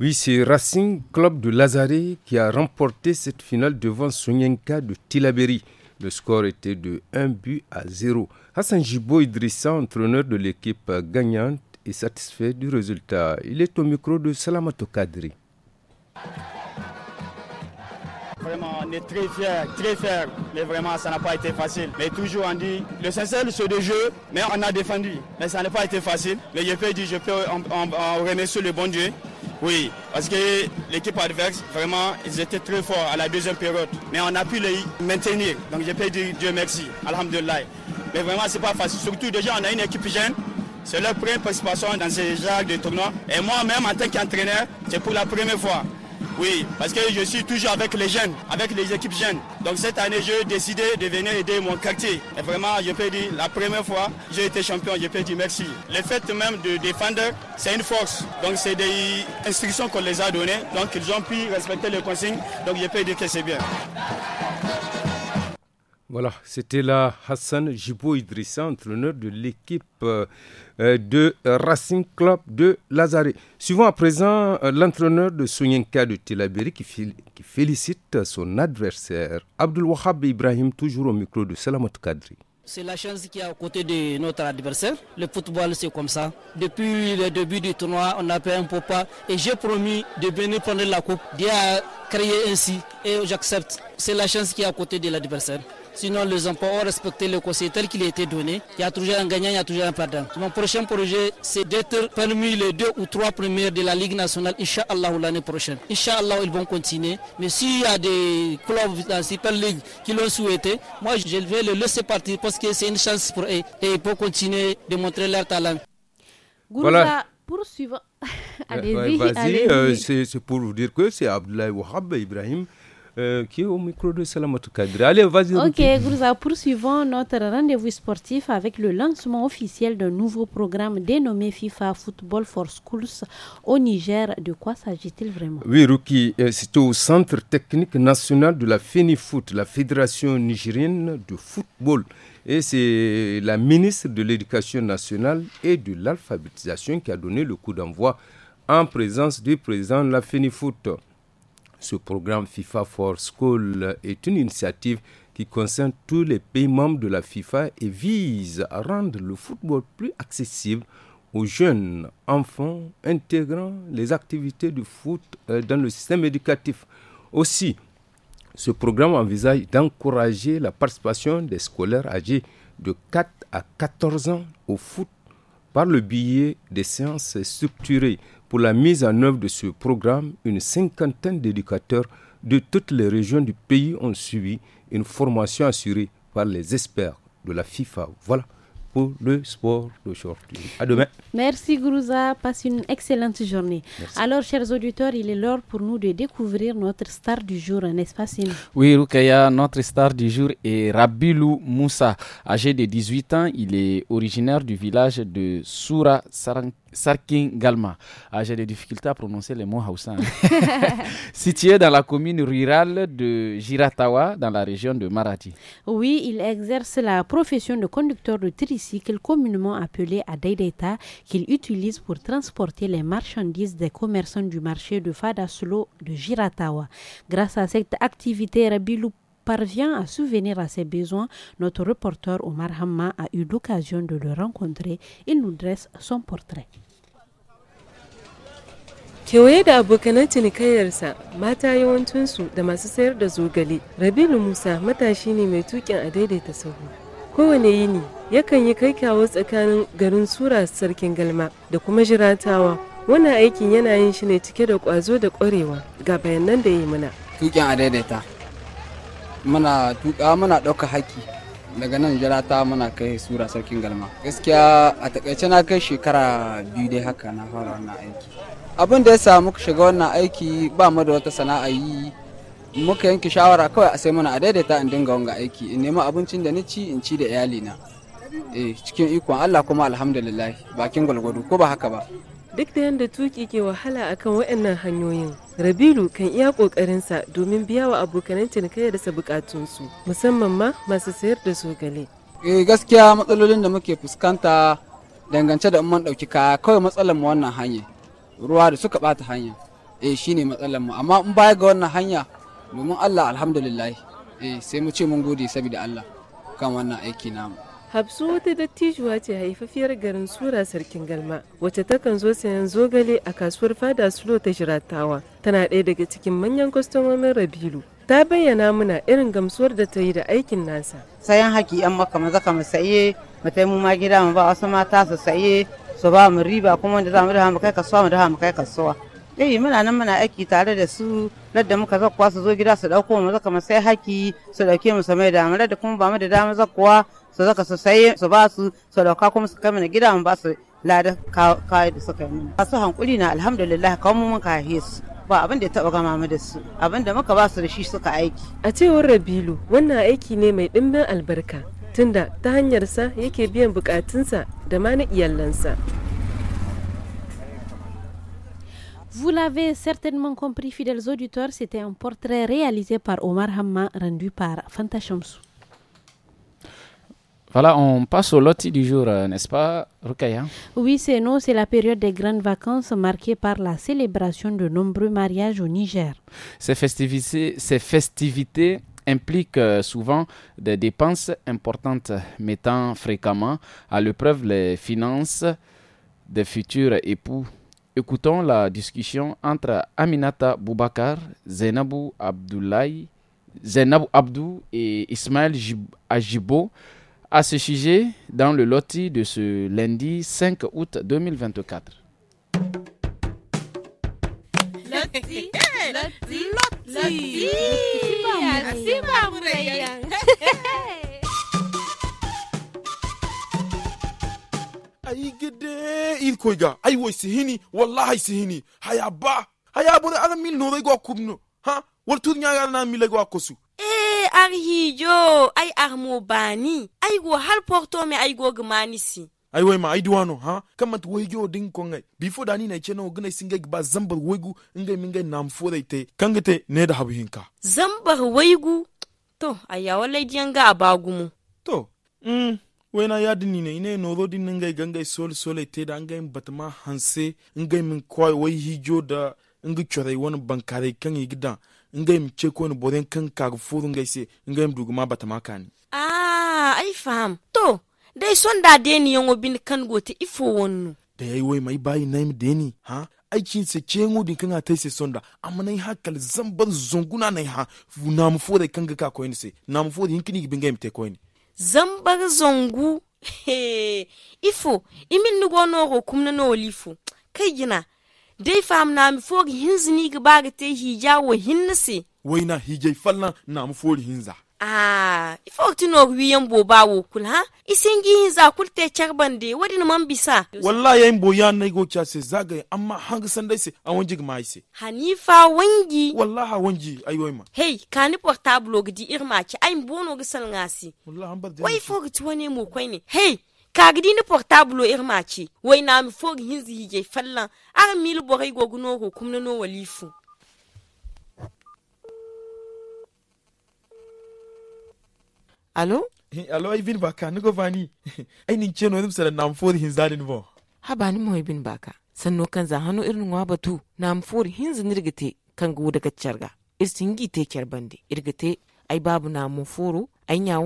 oui, c'est Racing Club de Lazare qui a remporté cette finale devant Sonienka de Tilaberi. Le score était de 1 but à 0. Hassan Jibo Idrissa, entraîneur de l'équipe gagnante, est satisfait du résultat. Il est au micro de Salamato Kadri. Vraiment, on est très fiers, très fiers. Mais vraiment, ça n'a pas été facile. Mais toujours, on dit, le sincère, c'est de jeu, mais on a défendu. Mais ça n'a pas été facile. Mais je peux dire, je peux en, remercier le bon Dieu. Oui, parce que l'équipe adverse, vraiment, ils étaient très forts à la deuxième période. Mais on a pu les maintenir. Donc je peux dire Dieu merci, Alhamdulillah. Mais vraiment, ce n'est pas facile. Surtout, déjà, on a une équipe jeune. C'est leur première participation dans ces genre de tournoi. Et moi-même, en tant qu'entraîneur, c'est pour la première fois. Oui, parce que je suis toujours avec les jeunes, avec les équipes jeunes. Donc cette année, j'ai décidé de venir aider mon quartier. Et vraiment, je peux dire, la première fois, j'ai été champion, je peux dire merci. Le fait même de défendre, c'est une force. Donc c'est des instructions qu'on les a données. Donc ils ont pu respecter les consignes. Donc je peux dire que c'est bien. Voilà, c'était là Hassan Jibo Idrissa, entraîneur de l'équipe euh, de Racing Club de Lazare. Suivant à présent euh, l'entraîneur de Sounyenka de Telabéry qui, qui, félicite son adversaire Abdul Wahab Ibrahim, toujours au micro de Salamot Kadri. C'est la chance qui est à côté de notre adversaire. Le football, c'est comme ça. Depuis le début du tournoi, on a fait un peu pas. Et j'ai promis de venir prendre la coupe, d'y créer ainsi. Et j'accepte. C'est la chance qui est à côté de l'adversaire. Sinon, les emplois ont respecté le conseil tel qu'il a été donné. Il y a toujours un gagnant, il y a toujours un perdant. Mon prochain projet, c'est d'être parmi les deux ou trois premiers de la Ligue nationale, Inch'Allah, l'année prochaine. Inch'Allah, ils vont continuer. Mais s'il y a des clubs dans la Super League qui l'ont souhaité, moi, je vais le laisser partir parce que c'est une chance pour eux et pour continuer de montrer leur talent. Voilà. poursuivant. allez allez c'est pour vous dire que c'est Abdoulaye Wahab Ibrahim euh, qui est au micro de Salamatou Kadri. Allez, vas-y. Ok, Grouza, poursuivons notre rendez-vous sportif avec le lancement officiel d'un nouveau programme dénommé FIFA Football for Schools au Niger. De quoi s'agit-il vraiment Oui, Ruki, euh, c'est au Centre technique national de la FENIFOOT, la Fédération nigérienne de football. Et c'est la ministre de l'Éducation nationale et de l'alphabétisation qui a donné le coup d'envoi en présence du président de la FENIFOOT. Ce programme FIFA for School est une initiative qui concerne tous les pays membres de la FIFA et vise à rendre le football plus accessible aux jeunes enfants intégrant les activités du foot euh, dans le système éducatif. Aussi, ce programme envisage d'encourager la participation des scolaires âgés de 4 à 14 ans au foot par le biais des séances structurées pour la mise en œuvre de ce programme, une cinquantaine d'éducateurs de toutes les régions du pays ont suivi une formation assurée par les experts de la FIFA. Voilà pour le sport d'aujourd'hui. À demain. Merci Grouza, passe une excellente journée. Alors, chers auditeurs, il est l'heure pour nous de découvrir notre star du jour, n'est-ce pas Oui, Rukaya, notre star du jour est Rabilou Moussa. Âgé de 18 ans, il est originaire du village de Soura Sarang Sarkin Galma. Ah, j'ai des difficultés à prononcer les mots Hausa. Hein. Situé dans la commune rurale de Giratawa, dans la région de Maradi. Oui, il exerce la profession de conducteur de tricycle, communément appelé à qu'il utilise pour transporter les marchandises des commerçants du marché de Fadaslo de Giratawa. Grâce à cette activité, Rabilou parvient à souvenir à ses besoins, notre reporter Omar Hamma a eu l'occasion de le rencontrer. Il nous dresse son portrait. kewaye da abokanan cinikayyarsa mata yawancinsu da masu sayar da zogale rabilu musa matashi ne mai tukin a daidaita sahu kowane yini yakan yi kai tsakanin garin sura sarkin galma da kuma jiratawa wannan aikin yana yin shi ne cike da kwazo da kwarewa ga bayanan da ya yi mana tukin a daidaita muna tuka muna ɗauka haki daga nan jira ta muna kai sura sarkin galma gaskiya a takaice na kai shekara biyu dai haka na fara wannan aiki abin da ya samu shiga wannan aiki ba mu da wata sana'a yi muka yanke shawara kawai a sai muna a daidaita in dinga wanga aiki in nemi abincin da ni ci in ci da iyalina eh cikin ikon Allah kuma alhamdulillah bakin gwalgwado ko ba haka ba duk da yadda tuki ke wahala akan waɗannan hanyoyin rabilu kan iya ƙoƙarinsa domin biya wa abokanan bukatun bukatunsu musamman ma masu sayar da zogale eh gaskiya matsalolin da muke fuskanta dangance da umman ɗauki kaya kawai matsalar mu wannan hanya ruwa da suka bata hanya eh shine matsalar mu amma in baya ga wannan hanya domin Allah alhamdulillah eh sai mu ce mun gode saboda Allah kan wannan aiki namu Habsu wata dattijuwa ce haifafiyar garin Sura Sarkin Galma, wacce takan zo sayan zogale a kasuwar fada Sulo ta Shiratawa. Tana ɗaya daga cikin manyan kwastomomin Rabilu. Ta bayyana muna irin gamsuwar da ta yi da aikin nasa. Sayan haki ‘yan maka maza ka mu saye, mu mu ma gida mu ba wasu mata su saye, su ba mu riba kuma wanda za mu da mu kai kasuwa mu da mu kai kasuwa. eh muna nan muna aiki tare da su ladda muka zakkuwa su zo gida su dauko mu zaka mu sai haki su dauke mu samai da ladda kuma ba mu da dama zakkuwa su zaka su sai su ba su sadaka kuma su kai mana gida mu ba su ladan kai da suka yi mana masu hankuli na alhamdulillah kawo mu muka haife su ba abin da ya taba gama mu da su abin da muka ba su da shi suka aiki a cewar rabilu wannan aiki ne mai dimbin albarka tunda ta hanyar sa yake biyan bukatunsa da ma na iyalansa Vous l'avez certainement compris, fidèles auditeurs, c'était un portrait réalisé par Omar Hamma, rendu par Fanta Voilà, on passe au loti du jour, euh, n'est-ce pas, Rukaya Oui, c'est nous, c'est la période des grandes vacances marquée par la célébration de nombreux mariages au Niger. Ces festivités, impliquent euh, souvent des dépenses importantes, mettant fréquemment à l'épreuve les finances des futurs époux. Écoutons la discussion entre Aminata Boubakar, Zainabou Abdoulaye, Zainabou Abdou et Ismaël Ajibo à ce sujet dans le loti de ce lundi 5 août 2024. Loti, loti, loti. ay gede il irkoyga ay way sihini wallahi sihini hayaba ba ana mil no go kubno ha wartud nyaagal na mil go kosu eh arhijo ai armo bani ai go har porto me ai go si ai wai ma ai duwano ha kamat mat wai din ko ngai before dani na cheno gna gina singa ba zambar waigu ngai mingai nam fo dai te kan ne da habu hinka zambar waigu to ayya wallahi diyan ga mu. to mm wena ya dini ne ine noro din ngai gangai sol sole te da ngai batma hanse ngai min koy wai hijo da ngi chore wani bankare kan yi gidan ngem chekon boden kan kag furu ngai se ngem duguma batama kan ah ai fam to dai son da deni yongo bin kan goti ifo wonnu da yayi wai mai bayi naim deni ha aikin se kengu din kan atai se da, amma nai hakal zamban zunguna nai ha na mu fode kan ga ka koyin se na mu fode hinkini bin ngem te koyin zambar zongu ifo imin nugo no ko kumna no lifo kai gina dai fam na mi fogi hinzini ga baga te hi wa hinnase waina hijai falna na mu fori hinza ah ifok tino wiyan bo bawo kul ha isingi hinza kul te charban de wadin man bisa wallahi yan bo ya nai go se zagaye amma hanga dai se an wanji ma mai se hanifa wangi wallahi wangi ai wai ma hey kani portable go di irma ki ai bono ga salngasi wallahi an bar de wai fok tuwane mu kwai ne hey kagidi ni portable er maci wai na mi fog hinzi hige fallan ar mil borai goguno ho kumna no walifu alo alo bin baka ni go vani ay ni cheno dum sala nam fod hin zalin bo ha bani mo bin baka sanno kan za hanu irin wa batu nam fod hin zinirgite kan go daga charga istingi te kerbande irgite ai babu na mu foro ay nya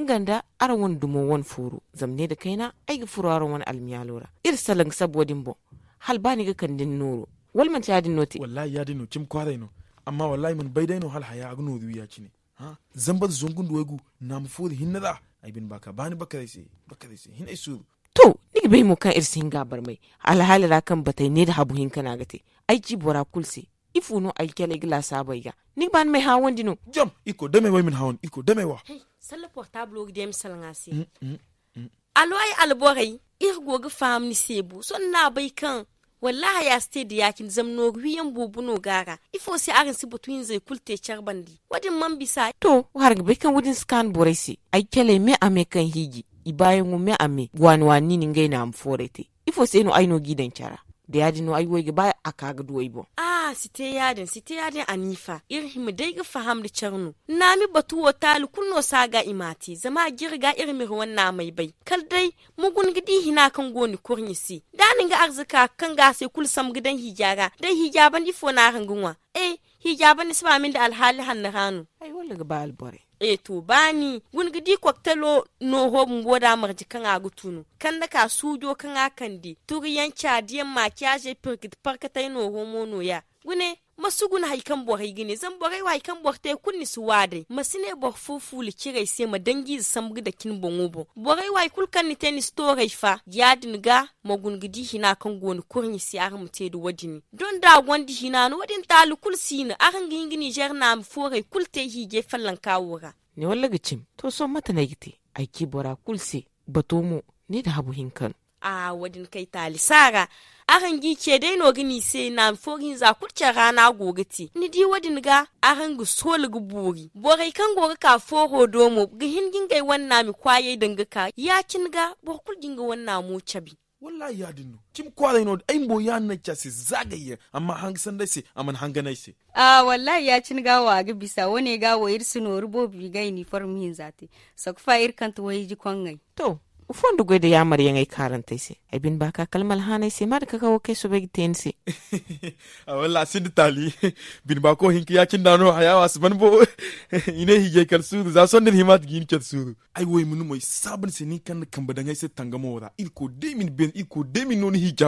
nganda ara wani dumo wani furu zamne da kaina ai ga furu ara wani almiya lora ir salan sabodin bo hal bani ga kandin nuru wal man ta yadin noti wallahi ya no kim kwarai no amma wallahi mun bai daino hal haya agno ya cine ha zamba da duwegu na mu furu hinna da ai bin baka bani baka sai baka sai hinai su to ni bai mu kan irsin gabar mai alhali kan batai ne da habu hin kana gate ai ji bora kulsi. ifunu kele gila sabaiga ni ban me hawon dino jam iko dame wai min hawon iko dame wa hey, sala portable og dem sal ngasi mm, mm, mm. alo ir goga fam ni sebu son na bay kan wallahi ya ste da yakin zamno wiyan bubu no gara ifo si arin si butuin zai kulte charbandi wadin man bisa to har ga bai kan wudin scan boresi kele me ame kan higi ibayen me ame ni ngai na forete ifo se no aino gidan cara da yadin no aiwo ga ba ga duwai bo ah site yadin site yadin anifa irin mu dai ga faham da na mi nami batuwa talu kunno saga imati zama girga irin mi na mai bai kal dai mugun gidi hina kan goni si. danin ga arzika kan ga sai kulsam gidan hijara dai hijaban ifo na rangunwa eh hijaban isba min da alhali hannu ranu ai wala ga ba albore e to bani gungidi kwaktalo no hobun goda marji kan a gutunu kan da ka sujo kan a turiyan chadiyan makiyaje pirkit parkatai no homo no ya gune masugun haikan bor gini zan wa haikan bor te kunni su wade masine bor fufu li kirai ma dangi samgu da kin bongo bo borai kulkan ni tenis rai fa yadin ga magun gidi hina kan goni kurni si ar te wadini don da gondi hina no wadin talu kul sina aran gingini jerna am forai kulte ge fallan kawura ne walla gicim to so mata na gite aiki bora kulse batomo ne da habu hinkan a wadin kai talisara a gi ke dai no gini se na forin za kurce rana gogiti ni di wadin ga a gu sol gubori borai kan goga ka foro domo ga hingin gai wannan mi kwaye dangaka ya kin ga bo kulgin ga wannan mu cabi wallahi ya dinnu kim kwalai no ai mbo ya na cha si zagaye amma hang sanda amma hanga hangana se a wallahi ya cin wa ga bisa wone gawa irsu no rubo bi gai ni farmin zate sakfa irkan to wayi ji kwangai to ufondu gwede ya mar yang karanta se abin ba ka kalmal hanai se mar ka kawo kai ten ah, sin tali bin ba ko ya kin dano haya wasu bo ine hige kal su za himat gin ket su ai woy mun moy sabun se ni kan kan badan ai se tangamo wora il ko de ben il ko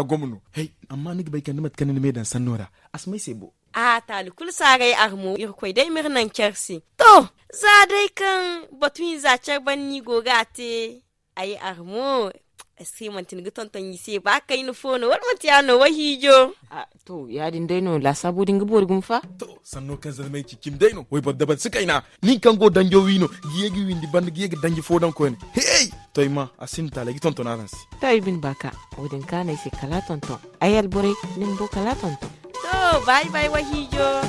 gomno hey amma ni bai kan mat kan ni sanora asmai se bo a tali kul sagai armu irkoi dai mirnan kersi to za dai kan batun za ai armo sai mantin gutan tan yi ba no fono war wahijo to ya din la sabo to sanno kenza zalmai we kim dai no ni kango wino giyegi windi band giyegi danji hey Toima ma asinta ta bin baka odinka kana a kala tonton ayal bore nin bo kala to bye bye wahijo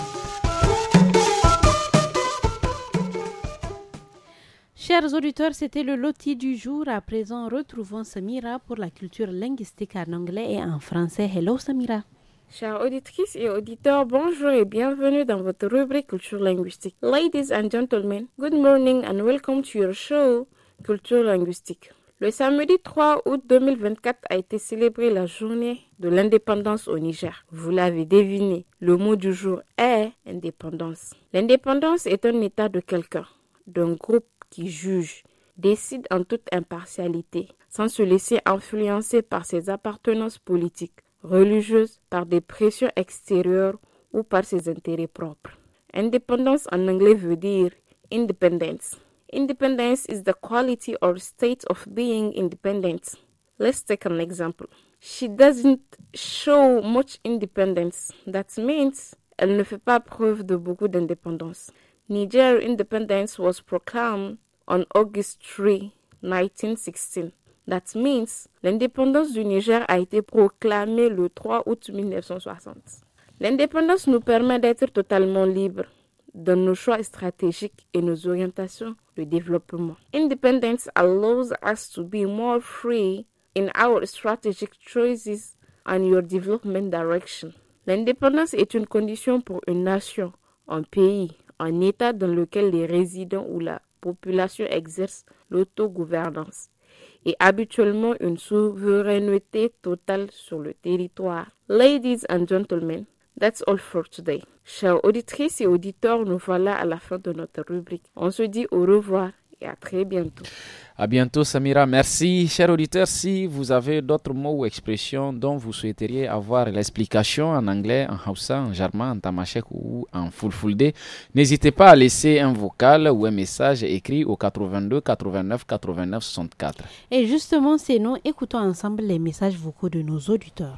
Chers auditeurs, c'était le loti du jour. À présent, retrouvons Samira pour la culture linguistique en anglais et en français. Hello Samira. Chers auditrices et auditeurs, bonjour et bienvenue dans votre rubrique culture linguistique. Ladies and gentlemen, good morning and welcome to your show Culture linguistique. Le samedi 3 août 2024 a été célébrée la journée de l'indépendance au Niger. Vous l'avez deviné, le mot du jour est indépendance. L'indépendance est un état de quelqu'un, d'un groupe qui juge, décide en toute impartialité, sans se laisser influencer par ses appartenances politiques, religieuses, par des pressions extérieures ou par ses intérêts propres. Indépendance en anglais veut dire independence. Independence is the quality or state of being independent. Let's take an example. She doesn't show much independence. That means elle ne fait pas preuve de beaucoup d'indépendance. Niger independence was proclaimed on August 3, 1916. That means l'indépendance du Niger a été proclamée le 3 août 1960. L'indépendance nous permet d'être totalement libres dans nos choix stratégiques et nos orientations de développement. Independence allows us to be more free in our strategic choices and your development direction. L'indépendance est une condition pour une nation, un pays, un État dans lequel les résidents ou la population exerce l'autogouvernance et habituellement une souveraineté totale sur le territoire. Ladies and gentlemen, that's all for today. Chers auditrices et auditeurs, nous voilà à la fin de notre rubrique. On se dit au revoir à très bientôt. À bientôt, Samira. Merci. Chers auditeurs, si vous avez d'autres mots ou expressions dont vous souhaiteriez avoir l'explication en anglais, en Hausa, en Jarma, en Tamashek ou en Fulfulde, n'hésitez pas à laisser un vocal ou un message écrit au 82 89 89 64. Et justement, c'est nous, écoutons ensemble les messages vocaux de nos auditeurs.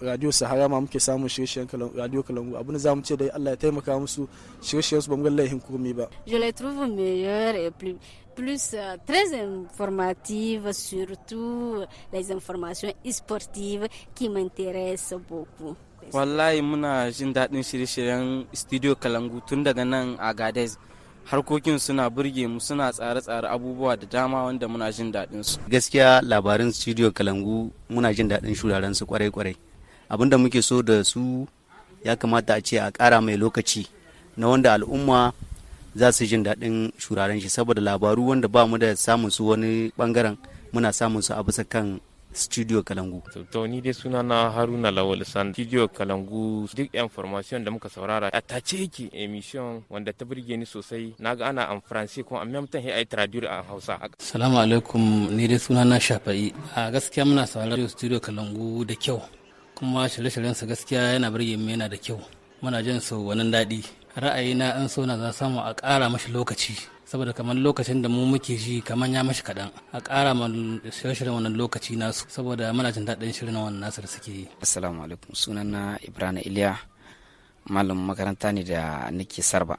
radio sahara ma muke samun shirye-shiryen radio kalangu abin za mu ce dai Allah ya taimaka musu shirye-shiryen su ba mu ga laihin kurmi ba je les trouve meilleurs et plus plus euh, très informative, surtout les informations sportives qui m'intéressent beaucoup. Wallahi muna jin daɗin shirye-shiryen studio Kalangu tun daga nan a gades Harkokin suna burge mu suna tsare-tsare abubuwa da dama wanda muna jin daɗin su. Gaskiya labarin studio Kalangu muna jin daɗin shuraren su kwarai-kwarai. abin da muke so da su ya kamata a ce a ƙara mai lokaci na wanda al'umma za su jin daɗin shuraren shi saboda labaru wanda ba mu da samun su wani bangaren muna samun su a bisa kan studio kalangu to ni dai suna na haruna lawal san studio kalangu duk information da muka saurara a tace yake emission wanda ta burge ni sosai na ga ana an france kuma amma mutan ai traduce a hausa assalamu alaikum ni dai suna na shafa'i a gaskiya muna saurara studio kalangu da kyau kuma shirye shiryen sa gaskiya yana birge mu yana da kyau muna jin su wannan daɗi ra'ayina an so na za samu a ƙara mashi lokaci saboda kamar lokacin da mu muke ji kamar ya mashi kaɗan a ƙara ma shirye-shiryen wannan lokaci nasu saboda muna jin daɗin shirin wannan nasu da suke yi assalamu alaikum na ibrahim iliya malam makaranta ne da nake sarba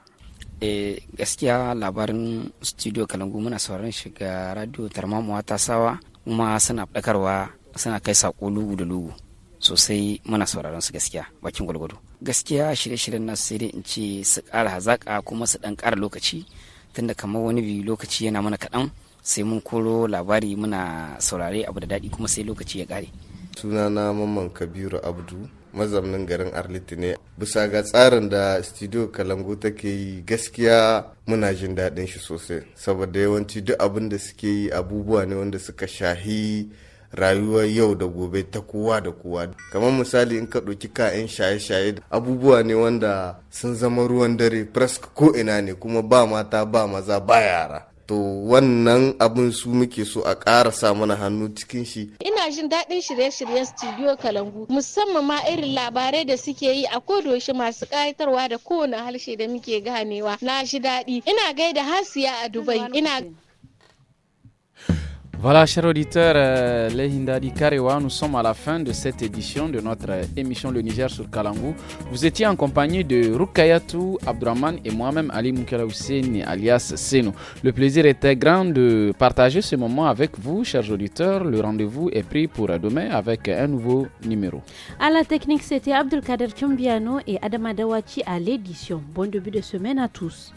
e gaskiya labarin studio kalangu muna sauraron shiga radio tarmamuwa ta sawa kuma suna ɗakarwa suna kai saƙo lugu da lugu sosai muna sauraron su gaskiya bakin gwalgwado gaskiya shirye-shiryen nasu sai dai in ce su ƙara hazaƙa kuma su ɗan ƙara lokaci tunda kamar wani biyu lokaci yana mana kaɗan sai mun koro labari muna saurare abu da daɗi kuma sai lokaci ya ƙare. sunana mamman kabiru abdu mazaunin garin arliti ne bisa ga tsarin da studio kalangu take yi gaskiya muna jin daɗin shi sosai saboda yawanci duk abin da suke yi abubuwa ne wanda suka shahi rayuwar yau da gobe ta kowa da kowa kamar misali in ka ɗauki kayan shaye-shaye da abubuwa ne wanda sun zama ruwan dare presk ko ina ne kuma ba mata ba maza ba yara to wannan abin su muke so a ƙara sa mana hannu cikin shi. Ina jin daɗin shirye-shiryen studio Kalangu musamman ma irin labarai da suke yi a kodoshi masu ƙayatarwa da kowane harshe da muke ganewa na ji daɗi. Ina gaida hasiya a Dubai ina Voilà, chers auditeurs, euh, les Hindadi Karewa, nous sommes à la fin de cette édition de notre émission Le Niger sur Kalangou. Vous étiez en compagnie de Rukayatu Abdraman et moi-même Ali Hussein alias Seno. Le plaisir était grand de partager ce moment avec vous, chers auditeurs. Le rendez-vous est pris pour demain avec un nouveau numéro. À la technique, c'était Abdelkader Tchombiano et Adama Dawachi à l'édition. Bon début de semaine à tous.